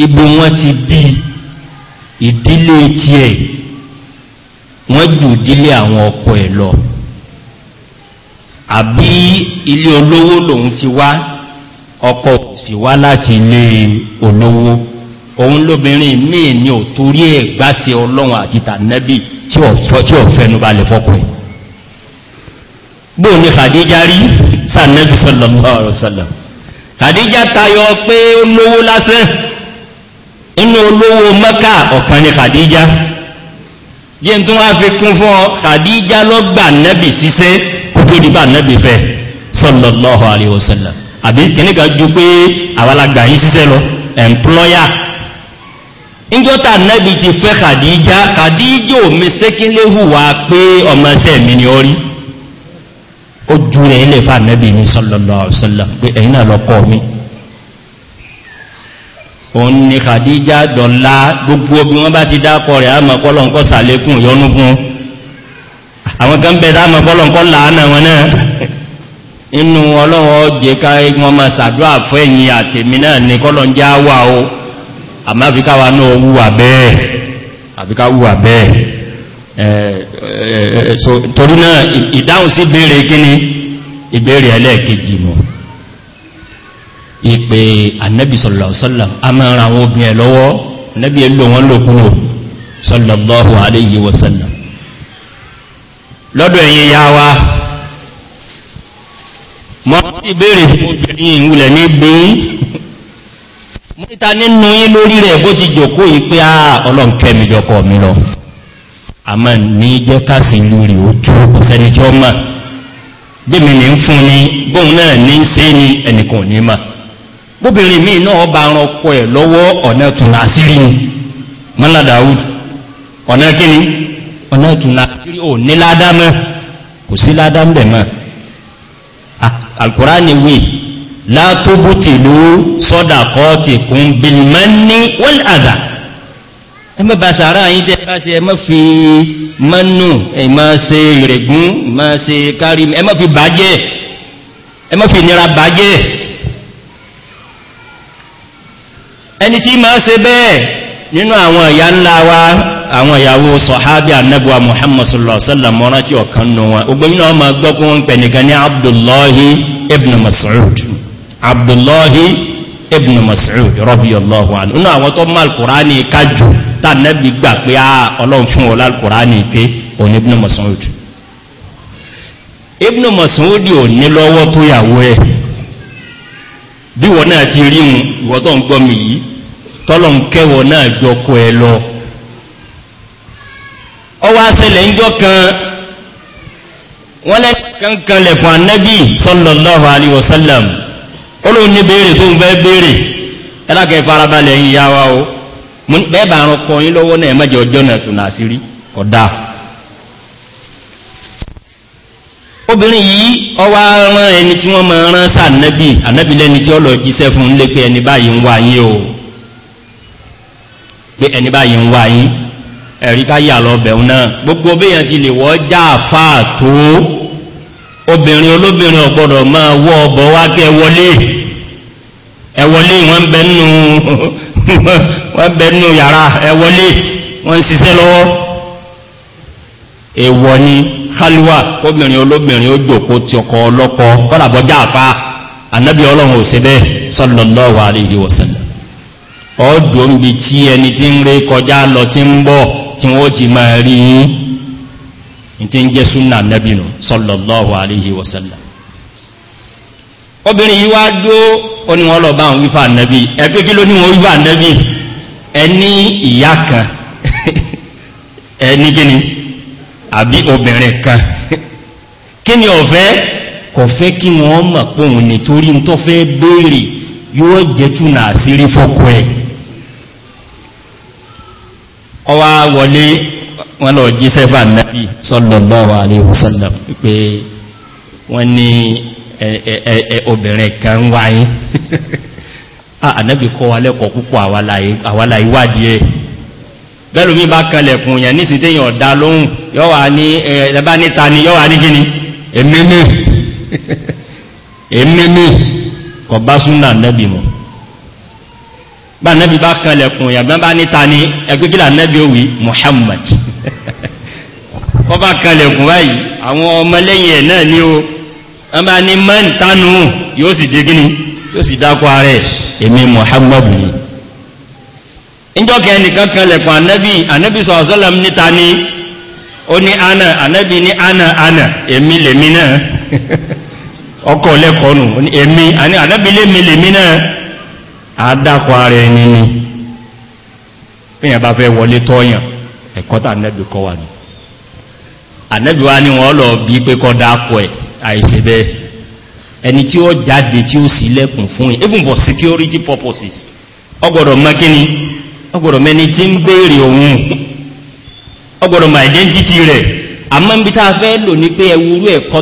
ibi wọ́n ti bí ìdílé tí ẹ̀ wọ́n jù dílé àwọn ọkọ̀ ẹ̀ lọ àbí ilé olówó lòun ti wá ọkọ̀ sì wá láti ilé olówó òun lóbìnrin míì ni ò torí ẹ̀ gbáṣe ọlọ́run àti tànẹ́bì tí ò fẹ́nu balẹ̀ fọ́kùn ẹ̀ bó ní kàdíjá rí sànẹ́bì sọ́lọ̀mọ́rọ̀sọ́lọ̀ kàdíjá tayọ pé ó lówó lásán inú olówó mẹ́kà ọ̀kan ni kàdíjá yí tó wá fi kún fún ọ kàdíjá àbí kìnnìkà ju pé àwàlagbà yín ṣiṣẹ́ lọ employer njọ́ta nẹ́bi ti fẹ́ kàdíjá kàdíjá ò mistakenly hùwà pé ọmọ ẹsẹ̀ mi ni ọ rí ó ju rẹ̀ ilé fa nẹ́bi mi sọlọ́lọ́ ọ̀sọ́lọ́ pé ẹ̀yin náà lọ́kọ́ mi òun ni kàdíjá dọ̀la gbogbo bí wọ́n bá ti dákọ̀ rẹ̀ àmọ́ kọ́lọ̀ sàlékún ìyọnu fún àwọn kan bẹ̀rẹ̀ àmọ́ kọ́lọ̀ làánà wọn náà inú ọlọ́wọ́ jẹ ká wọ́n ma sàdúwà fún ẹ̀yìn àtèmi náà ní kọ́lọ̀ ń já wà ó àmáfikáwà náà wúwà bẹ́ẹ̀ àbíká wúwà bẹ́ẹ̀ torí náà ìdáhùn sí bèèrè kíní ìbèèrè ẹlẹ́ẹ̀kejì mọ̀ ìpè ànẹ́bì sọ̀lọ̀sọ́lọ̀ a máa ra àwọn obìnrin lọ́wọ́ ànẹ́bì ẹlò mọ́ ti béèrè fún obìnrin ìwúlẹ̀ ní bíi mọ́ta nínú yí lórí rẹ̀ bó ti jòkó yí mi lọ A ní jẹ́ káàsì lórí ojú ọ̀sẹ́ni tí ó mọ̀ ní fún ni bóun náà ní ṣe ni ẹnìkan ní mà bóbìnrin míì náà bá ẹ̀ lọ́wọ́ ọ̀nà alkùránì wí látòbútì ló sọ́dà kọ́ ti kún bilmanni wal adha ẹmọ́ bá sàárá yìí jẹ́ bá ṣe ẹmọ́ fi mọ́nù ẹmọ́ ṣe ìrẹ̀gún ẹmọ́ ṣe kárí ẹmọ́ fi bàájẹ́ ẹmọ́ fi nira bàájẹ́ ẹni tí máa ṣe bẹ́ẹ̀ nínú àwọn ìyá ńlá wa àwọn ìyàwó sọ̀hábí annabuwa muhammad sallallahu alaihi wasallam mọ́rán tí ọ̀kan nù wọn ogbó iná ọmọ gbọ́kún ń pè nìkan ní abdullahi ibn mas'ud abdullahi ibn mas'ud rọ́bí allahu anu inú àwọn tó mọ́ alkùránì kájù tá nẹ́bí gbà pé á ọlọ́run fún wọn alkùránì pé òun tọ́lọ̀ ń kẹ́wọ̀ náà jọ kó ẹ lọ ọwọ́ asẹlẹ̀ ń jọ kan wọ́n lẹ́ kankan fún anábì sallallahu alaihi wasallam olóhùn ní béèrè tó ń fẹ́ béèrè ẹlákẹ́ farabalẹ̀ wa o bẹ́ẹ̀ bá kan kọ lọ́wọ́ náà mẹ́jọ ọjọ́ náà tún náà sí rí obìnrin yìí ọwá rán ẹni tí wọ́n máa rán sáà nẹ́bì ànẹ́bì lẹ́ni tí ó lọ jíṣẹ́ fún lé pé ẹni báyìí ń o pé ẹni báyìí ń ẹ̀rí káyà lọ bẹ̀rún náà gbogbo obìyàn ti lè wọ́ já fáà tó obìnrin olóbìnrin ọ̀gbọ́dọ̀ máa wọ́ ọbọ̀ wá kí ẹ wọlé ẹ wọlé wọ́n bẹ̀ nínú yàrá ẹ wọlé wọ́n ṣiṣẹ́ lọ́wọ́ èwọ̀ ni kálíwà obìnrin olóbìnrin ó jòkó ti ọkọ̀ ọlọ́kọ kọ́dàbọ̀ já fáà ànábì ọlọ́run òṣèbẹ́ sọ́lọ́lọ́wà àríyíwọ̀sẹ̀lẹ̀ ọdún bí tí ẹni tí ń rí kọjá lọ tí ń bọ̀ tí wọ́n ti máa rí yìí tí ń jẹ́ súnà nẹ́bìnú sallallahu alaihi wasallam obìnrin yìí dó oníwọ́n lọ bá wọn wífà nẹ́bì ẹgbẹ́ kí ló ní wífà nẹ́bì ẹni ìyá kan ẹni gíní àbí obìnrin kan kí ni ọ̀fẹ́ kò fẹ́ kí wọ́n mọ̀ pòun nítorí ọwá wọlé wọ́n lọ jí sẹ́fà náàbí sallallahu alaihi wasallam pé wọ́n ní obìnrin kan wáyé ah, ànábì kọ́ wa lẹ́kọ̀ọ́ púpọ̀ àwàlà ìwádìí ẹ̀ bẹ́lùmí bá kalẹ̀kùn yẹn nísìn tí yàn dá lóhùn yọ́wà ní ẹ̀ẹ́dẹ́bá níta ni yọ́wà bá nẹ́bí bá kanlẹ̀kùn yàgbọ́n bá níta ní ẹgbẹ́gbẹ́lá nẹ́bí òwì muhammad kọba kanlẹ̀kùn báyìí àwọn ọmọlẹ́yìn ẹ̀ náà ní o wọ́n bá ní mẹ́ntánú yóò sì dé gíní yóò sì dákọ́ ààrẹ èmi muhammad ni ìjọkẹ́ nìkan kanlẹ̀kùn anẹ́bí anẹ́bí sọ̀rọ̀sọ́lẹ̀m níta ní ó ní ana anabi ní ana ana èmi lèmi náà ọkọ̀ lẹ́kọ̀ọ́nù èmi anẹ́bí lèmi lèmi náà àádákọ̀ ara ẹni ni pínyàn bá fẹ́ wọlé tọ́yàn ẹ̀kọ́ta anẹ́bì kọ́ wà ní anẹ́bì wá ní wọ́n lọ bí pé kọ́ dákọ̀ ẹ̀ àìsẹ̀ bẹ́ẹ̀ ẹni tí ó jáde tí ó sì lẹ́kùn fún even for security purposes ọgbọ̀dọ̀ mọ́kíní ọgbọ̀dọ̀ mẹ́ni tí ń béèrè òun ọgbọ̀dọ̀ identity rẹ̀ àmọ́ tá a fẹ́ lò ní pé ẹwúrú ẹ̀kọ́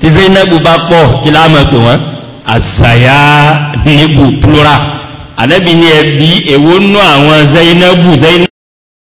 tí zainabu bá pọ̀ kí láàmà pè wọ́n àṣàyà níbù plura àdẹ́bì ní ẹbí èwo nú